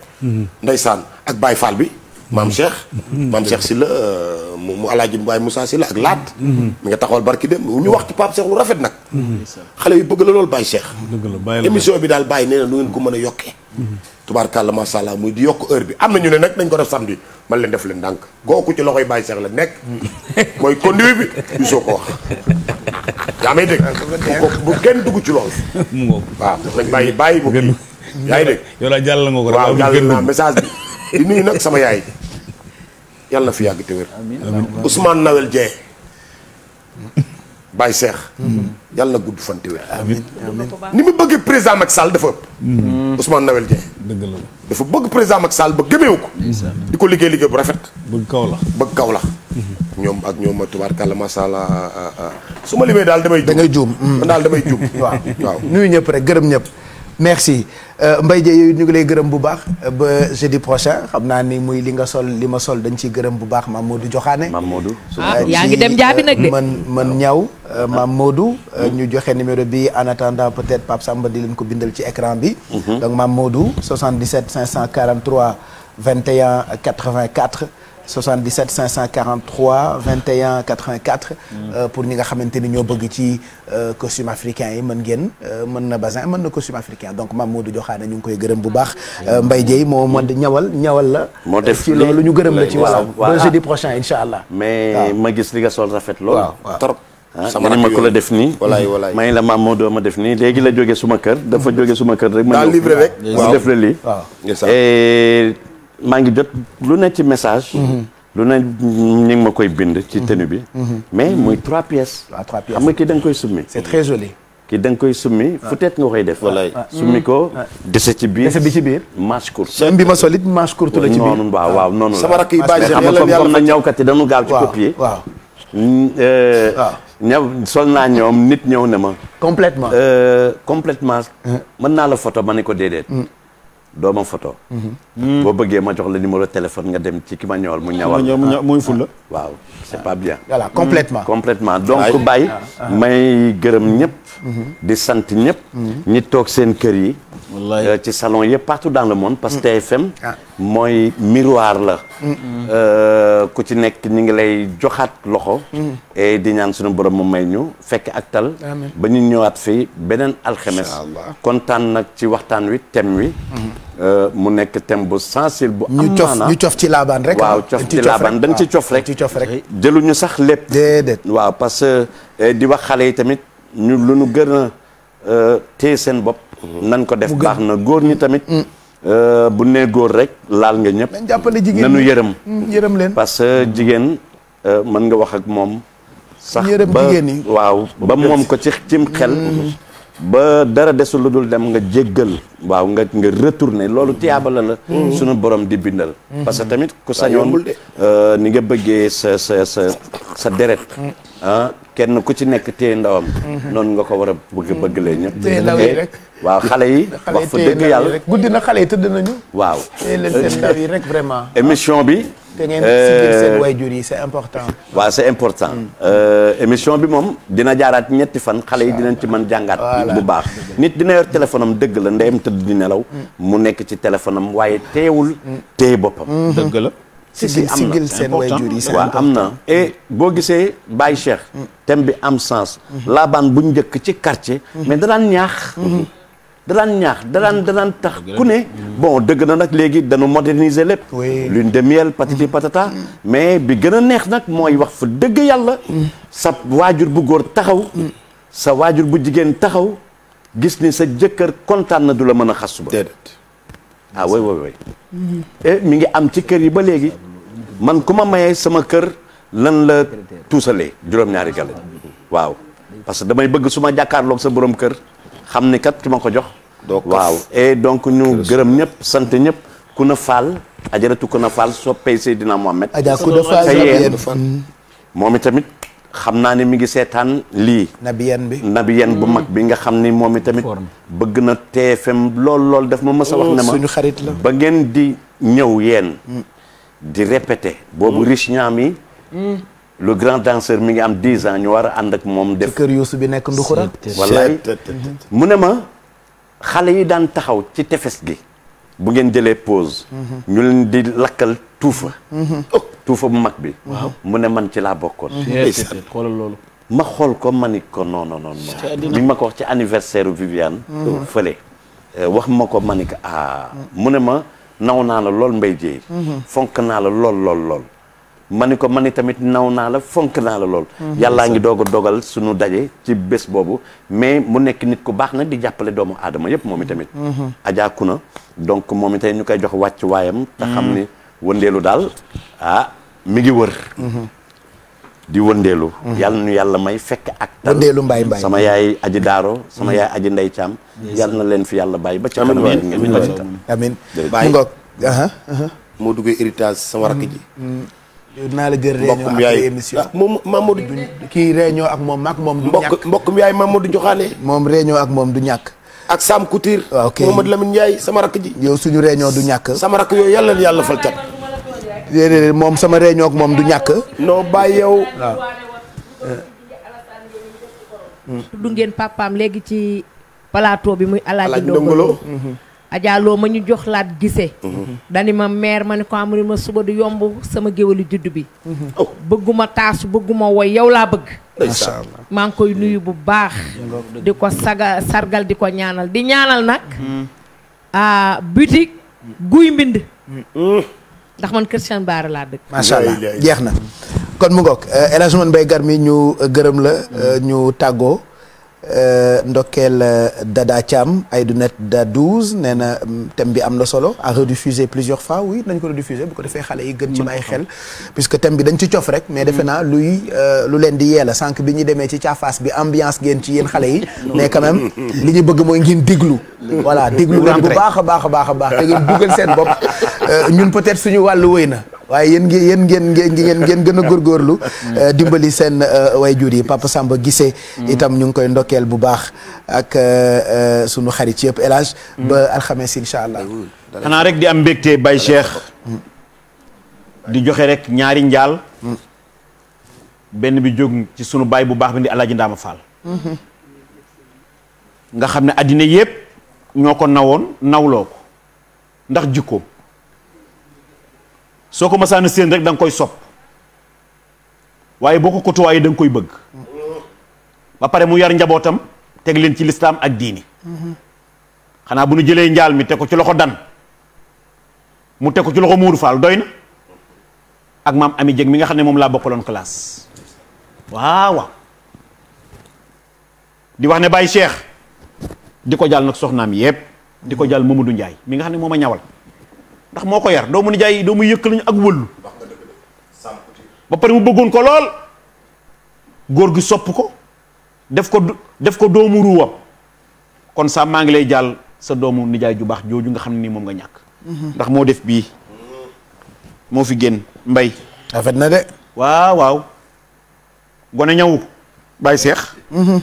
ndeysaan ak Baye Fall bi. maam Cheikh. maam Cheikh si la euh, mu alaaji Mbaye Moussa si la ak laat. mi nga taxawal barki dem ñu wax ci Pape Cheikh lu rafet nag. xale yu bëgg la lool Baye Cheikh. émission bi daal bàyyi nee na lu ngeen a yokkee. tubaarkàlla macha allah muy di yokk heure bi am na ñu ne nag dañ ko def samedi man leen def leen ndànk kooku ci loxoy Baye Cheikh la nekk mooy conduit bi du soo ko wax yaa may dégg bu kenn dugg ci loolu waaw dañ bàyyi bàyyi bu kii yaa ngi dégg yow daal jàll nga ko waaw jàll naa message bi di nuyu nag sama yaay yàlla na fi yàgg te wér Ousmane Nawel Dieng Baye Seex yàlla na gudd fanti wér ni mu bëggee président Macky Sall dafa ëpp mm-hmm. Ousmane Nawel Dieng dafa bëgg président Macky Sall ba gëmeewu ko di ko liggéey liggéey bu rafet bëgg kaw la bëgg kaw la mm-hmm. ñoom ak ñoom tubaarkàlla macha allah ah, ah. su ma limee daal damay da ngay juum man daal damay juum waaw waaw nuyu ñëpp rek gërëm ñëpp merci euh, Mbaye Dieye ñu ngi lay gërëm bu baax euh, ba jeudi prochain xam naa ni muy li nga sol li ma sol dañ ciy gërëm bu baax Mame Modou Joxaane Mame Modou euh, ah, yaa ngi dem jaabi nag de man man ñaw ah. Mame Modou ñu joxe numéro bi en peut-être Pape Samba di leen ko bindal ci écran bi mhm. donc Mame Modou 77 543 21 84 77 543 21 84. Euh, pour ñi nga xamante ni ñoo bëgg ci euh, costume africain yi mën ngeen euh, mën na bazin mën na costume africain donc Mamadou Diokhane ñu ngi koy gërëm bu baax. Mbaye Dieye moo mën ñawal ñawal la. moo def ci loolu ñu gërëm la ci waaw. ba jeudi prochain incha allah. mais ma gis li nga sol rafet lool. trop. sama ah, ma ko la def nii. walaay walaay may la Mamadou ma def nii léegi la jóge suma kër. dafa jóge suma kër rek. ma livré rek. waaw def la lii. maa ngi jot lu ne ci message. lu ne ñu ma koy bind. ci mhm. tenue bi. Mhm. mais muy trois pièces. waaw ah, trois pièces xam nga kii da nga koy summi. c'est très kii danga koy summi. fu ah. teet nga koy def. Ah, wallaay summi ko. dese ci biir dese bi ci biir. manche courte. seen bi ma sol it manche la ci biir waaw waaw noonu la. sama rakk yi bàyyi xam nga comme na ñawkat yi dañu gaaw ci copier. waaw euh, waaw. ñaw sol naa ñoom nit ñëw ne ma. complètement. Euh, complètement. mën naa la photo ma ne ko déedéet. doo ma photo mm-hmm. boo bëggee ma jox la numéro téléphone nga dem ci ki ma ñëwal mu ah. ñawal muy ful la ah. waaw c'est pas bien voilà complètement complètement donc Baye ah, mm-hmm. sant ñëpp mm-hmm. ñi toog seen kër yi wallaay euh, ci salon yëpp partout dans le monde parce que TFM mm. mooy miroir la euh, ku ci nekk ñi ngi lay joxaat loxo di ñaan suñu borom mu may ñu fekk ak tal ba ñu ñëwaat fi beneen alxemes kontaan nag ci waxtaan wi thème wi Euh, mu nekk thème bu sensible bu am maanaam ñu cof ci laabaan rek waaw ah. cof ci laabaan ah. dañ ci cof rek ci cof rek jëluñu sax lépp déedéet waaw parce que eh, di wax xale yi tamit ñu lu ñu gën a euh, téye seen bopp mhm. nan ko def baax na góor ñi tamit mm. euh, bu nee góor rek laal nga ñëpp jàppale jigéen nanu yërëm mm, yërëm leen parce que mm. jigéen mën nga wax ak moom sax ba waaw ba moom ko ci cim xel mm-hmm. ba dara desul la dul dem nga jéggal waaw nga nga retourné loolu tiyaaba la la sunu borom di bindal parce que tamit ku sañoon euh, ni nga bëggee sa sa sa sa deret ah kenn ku ci nekk téye ndawam. Mhm. noonu nga ko war a bëgg mhm. bëggalee ñëpp. téye yi rek waaw xale yi. wax fa dëgg yàlla guddi na xale yi tëdd nañu. waaw téye rek vraiment. émission bi. te ngeen sigil euh, seen waajur yi c'est important. waaw c'est important. Mm. Euh, émission bi moom dina jaaraat ñetti fan xale yi dinañ ci mën jàngaat. bu baax nit dina yor téléphone am dëgg la ndeyam tëdd di nelaw. Mm. mu nekk ci téléphone am waaye teewul. Mm. téye boppam mm-hmm. dëgg la. si si am na seen waajur yi waaw am na boo gisee Baye Cheikh mm. thème bi am sens mm-hmm. laabaan bu njëkk ci quartier mm-hmm. mais danaan ñaax mm-hmm. danaan ñaax danaan danaan tax ku ne bon dëgg na nag léegi dañu moderniser lépp lune de miel patiti patata mais bi gën a neex nag mooy wax fa dëgg yàlla sa waajur bu góor taxaw sa waajur bu jigéen taxaw gis ni sa jëkkër kontaan na du la mën a xas suba ah woy oui oui. Mm-hmm. et eh, ngi am ci kër yi ba léegi man ku ma mayee sama kër lan la tuusalee juróom-ñaari gale waaw parce que damay bëgg suma jàkkaarlook sa boroom kër xam ni kat ki ma ko jox. waaw et eh, donc ñu gërëm ñëpp sant ñëpp ku na faal ajaratu ku na faal soppee Seydina Mohamed. Adja ku na faal moom itamit. xam naa ne mu ngi seetaan lii. nabiyen bi nabiyen bu mag bi nga xam ni moom itamit. bëgg na TFM lool lool daf ma mës a wax ne ma oh, xarit la ba ngeen di ñëw yeen mm. di répété. boobu mm. riche ñaam yi. Mm. le grand danseur mi ngi am 10 ans ñu war a ànd ak moom. def kër Youssou bi nekk Nduxura. wallaay mm-hmm. mu ne ma xale yi daan taxaw ci tefes gi. bu ngeen jëlee pose mm-hmm. ñu leen di lakkal tuufa. Mm-hmm. tuufa bu mag bi. waaw mu ne man ci laa bokkoon. Mm-hmm. xoolal loolu. ma xool ko ma ni ko non non non. mi ngi ma ko wax ci anniversaire Viviane. Mm-hmm. fële eh, wax ma ko ma ni ko ah. Mm-hmm. mu ne ma naw naa la lool mbay jéey. fonk naa la lool lool lool. ma ni ko ma ni tamit naw naa la fonk naa la lool. yàllaa ngi doog a dogal suñu daje ci bés boobu mais mu nekk nit ku baax na di jàppale doomu aadama yépp moom i tamit. ajaaku na donc moom itamit ñu koy jox wàcc waayam. te xam ni. wëndeelu daal ah mi ngi wër. Mhm. di wëndeelu. Mhm. yàlla nu yàlla may fekk ak. wëndeelu mbay mbay sama yaay aji daaro sama mhm. yaay aji ndey caam. yàlla na leen fi yàlla bàyyi ba ci kanam. amiin ba ci kanam moo duggee héritage sama mm-hmm. mm-hmm. naa la jël réunion ak ah, moom Mamadou kii réunion ak moom ak moom du ñàkk yaay Mamadou Joxaane moom réunion ak moom du ñàkk ak Sam Couture waaw ah, ok Mamadou Lamine Ndiaye sama rakk ji yow suñu réunion du ñàkk sama rakk yooyu yàlla na yàlla fal moom sama réunion moom du ñàkk. non bàyyi yow. tudd ngeen papaam léegi ci palaato bi muy. Alaaji Ndongolo ajaaloo ma ñu jox laat gisee. dani ma meer ma ne ko amul ma suba du yomb sama géwélu juddu bi. Oh. bëgguma taasu bëgguma woy yow laa bëgg. maa ngi koy nuyu bu baax. di ko saga sargal di ko ñaanal di ñaanal nag. Mm. ah guy mbind. Mm. ndax man Kër Sëñ Bara laa dëkk. macha jeex na kon mu ngoog eh, El Hadj Mbaye Gar ñu gërëm la mm. eh, ñu tàggoo. Euh, ndokkeel euh, ay Thiam Aïdounet da 12 nee na mm, thème bi am na solo à rediffuser plusieurs fois oui nañ ko rediffuser bu ko defee xale yi gën ci bàyyi xel puisque thème bi dañ ci cof rek mais defe naa luy euh, lu leen di yee la sànq bi ñu demee ci caafaas bi ambiance ngeen ci yéen xale yi mais quand même li ñu bëgg mooy ngin diglu voilà diglu ngeen bu baax a baax a baax a baax te ngeen dugal seen bopp ñun peut-être suñu wàll wëy na waaye yéen ngi yéen ngeen ngeen ngeen gën a góorgóorlu euh, dimbali seen euh, jur yi Papa Samba gisee mm. itam ñu ngi koy ndokkeel bu baax ak euh, sunu xarit yëpp El mm. ba alxames incha allah xanaa rek di am mbégte Baye Cheikh di joxe rek ñaari njaal mm. benn bi jóg ci sunu baay bu baax bi di Alaaji Ndaama Fall mm-hmm. nga xam ne addina yëpp ñoo ko nawoon nawloo ko ndax jikkoom soo ko masaana séen rek danga koy sopp waaye boo ko kotuwaayee da koy bëgg ba pare mu yar njabootam teg leen ci lislaam ak diini xanaa bu nu jëlee njaal mi teg ko ci loxo dan mu teg ko ci loxo Mourou Fall doy na ak maam Ami Dieng mi nga xam ne moom laa bokkaloon classe waaw waaw di wax ne Baye Cheikh di ko jàll nag soxnaam yépp di ko jàll Mamadou njaay mi nga xam ne moom a ñawal ndax moo ko yar doomu nijaay doomu yëkk lañu ak wëllu ba pare mu bëggoon ko lool góor gi sopp ko def ko def ko doomu ruwam kon saa maa ngi lay jàll sa doomu nijaay ju baax jooju nga xam ne nii moom nga ñàkk mhm. ndax moo def bii moo fi génn mbay rafet na de waaw waaw gone ñawu bàyyi seex mhm.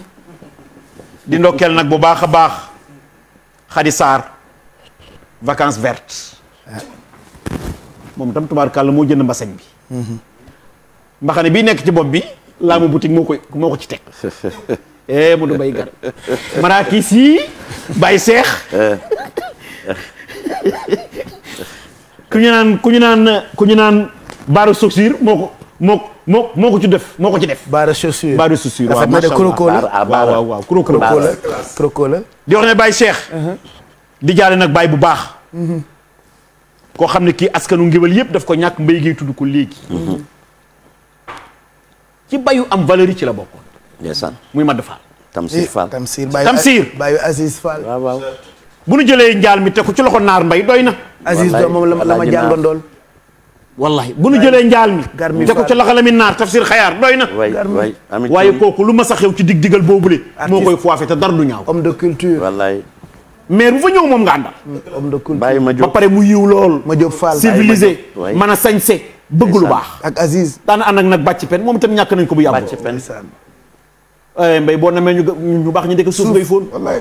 di ndokkeel nag bu baax a baax xadi saar vacances vertes moom tam tubaarkàlla moo jënd mbaseñ bi mbaxane bi nekk ci bopp bi laamu boutique moo ko moo ko ci teg eh yi bay seex ku ñu ku ñu naan ku ñu naan baara chaussure moo ko moo moo moo ko ci def moo ko ci def. baara chaussure baara chaussure waaw macha allah ah, waaw waaw croco di wax ne bay seex uh-huh. di jaale nag bay bu baax. Uh-huh. koo xam ne kii askanu ngéwél yëpp def ko ñàkk mbay gay tudd ko léegi mm-hmm. ci bayu am valeur ci la bokkoon ndeysaan muy Madd Fall Tamsir Fall Tamsir Tamsir bayu Aziz Fall waaw waaw bu nu jëlee njaal mi teg ko ci loxo naar mbay doy na Aziz moom la ma jàngandool wallahi bu nu jëlee njaal mi te ko ca laxala mi naar tafsir xayaar doy na waaye kooku lu mas a xew ci dig digal boobule moo koy foife te dara lu ñaaw homme de culture wallahi maire bu fa ñëw moom nga àndal. ba pare mu yiw lool. ma jóg faal civilisé mën a sañse bëgg lu baax. ak Aziz. daan ànd ak nag bàcc pen moom itam ñàkk nañ ko bu yàggul. bàcc pen eh, mbay boo namee ñu ñu baax ñu dëkk suuf ngay fóon. wallaay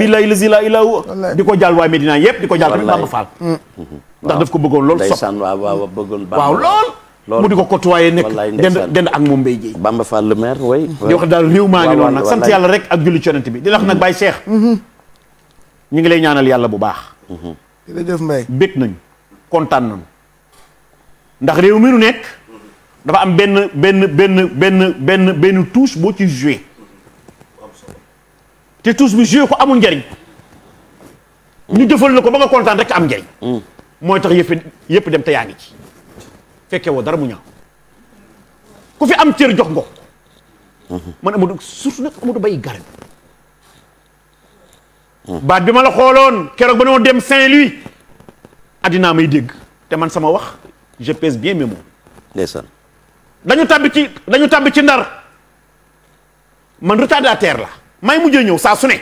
billaay la zila ila huwa di ko jaal waa Medina yëpp di ko jaal tamit Bamba Fall. Mm. ndax daf ko bëggoon lool sopp waaw bëggoon waaw lool. mu di ko côtoyé nekk dend dend ak moom mbay ji. Bamba Fall le maire way di wax daal réew maa ngi noonu nag sant yàlla rek ak julli ci bi di lax nag Baye Cheikh mm-hmm. ñu ngi lay ñaanal yàlla bu baax. Mhm. jërëjëf Mbaye bég nañ kontaan nañ ndax réew mi nekk dafa am benn benn benn benn benn benn touche boo ci joué te touche bi joué ko amul njariñ ñu jëfal na ko ba nga kontaan rek am njariñ mhm. mooy tax yëpp yëpp dem te yaa ngi ci fekke woo dara mu ñaaw ku fi am cër jox nga ko mhm. man Amadou surtout nag Amadou Baye Garami baat bi ma la xooloon keroog ba noo dem Saint-Louis addinaa may dégg te man sama wax je pèse bien mes mots dañu tàbbi ci dañu tàbbi ci ndar man retardataire la may mujjee ñëw saa su ne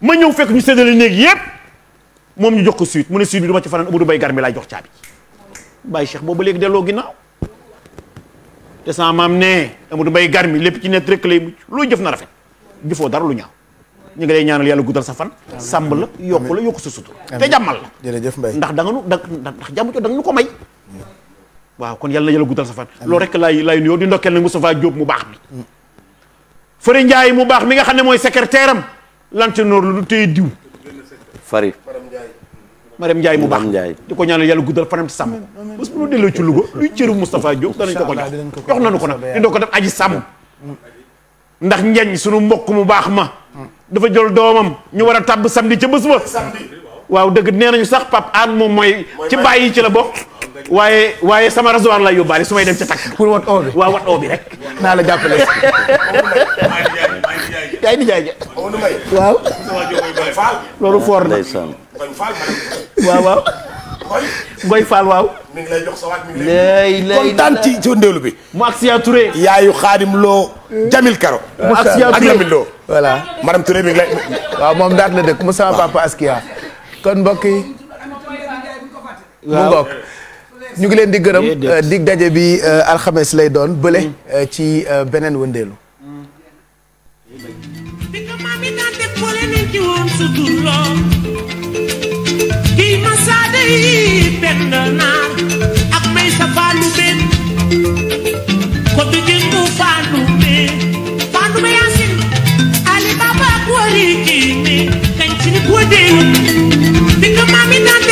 ma ñëw fekk ñu séddale néeg yépp moom ñu jox ko suite mu ne suite bi du ma ci fanaan Abdou Bay Garmi laay jox caabi baay Cheikh boobu léegi delloo ginnaaw te sama maam ne Amadou Bay Garmi lépp ci net rek lay mucc looy jëf na rafet jëfoo dara lu ñaaw ñu ngi lay ñaanal yàlla guddal sa fan sàmb la yokku la yokku sa sutur te jàmmal la jërëjëf Mbaye ndax da nga nu da ndax jàmm jo da nu ko may mm. waaw kon yàlla na yàlla guddal sa fan loolu rek laay laay nuyoo di ndokkeel nag Moustapha Diop mu baax mi mm. Fari Ndiaye mu baax mi nga xam ne mooy secrétaire am lantinoor lu téye diw Fari Mariam Ndiaye mu baax di ko ñaanal yàlla guddal fanam ci sàmm bés bu ñu delloo ci Louga luy cëru Moustapha Diop danañ ko ko jox na nañu ko nag di doo ko def aji sàmm mm. ndax njañ sunu mbokk mu baax ma dafa jël doomam ñu war a tàbb samedi ca bés ba waaw dëgg nee nañu sax pap aan moom mooy ci bàyyi ci la bo waaye waaye sama rasoir la yóbbaale su may dem ca takk pour wat oo bi waaw wat oo bi rek naa la jàppale yaay ni jaay ja waaw loolu foor na waaw Ngoy Fall waaw. mi ngi lay jox sa waat lay. bi. mu ak Sia yaayu xaadim loo. Jamil Karo. mu ak Sia Touré moom daat la dëkk mu sama papa Askia. kon mbokk yi. ñu ngi leen di gërëm euh, bi euh, alxames lay doon bële euh, ci beneen wëndeelu. dey masaada yi benn naar ak may sa faalu benn ko du jëngu faalu benn faalu ba yaasin ali baaba ak wari jiine kañ ci ni kuwa deelu dinga maami naan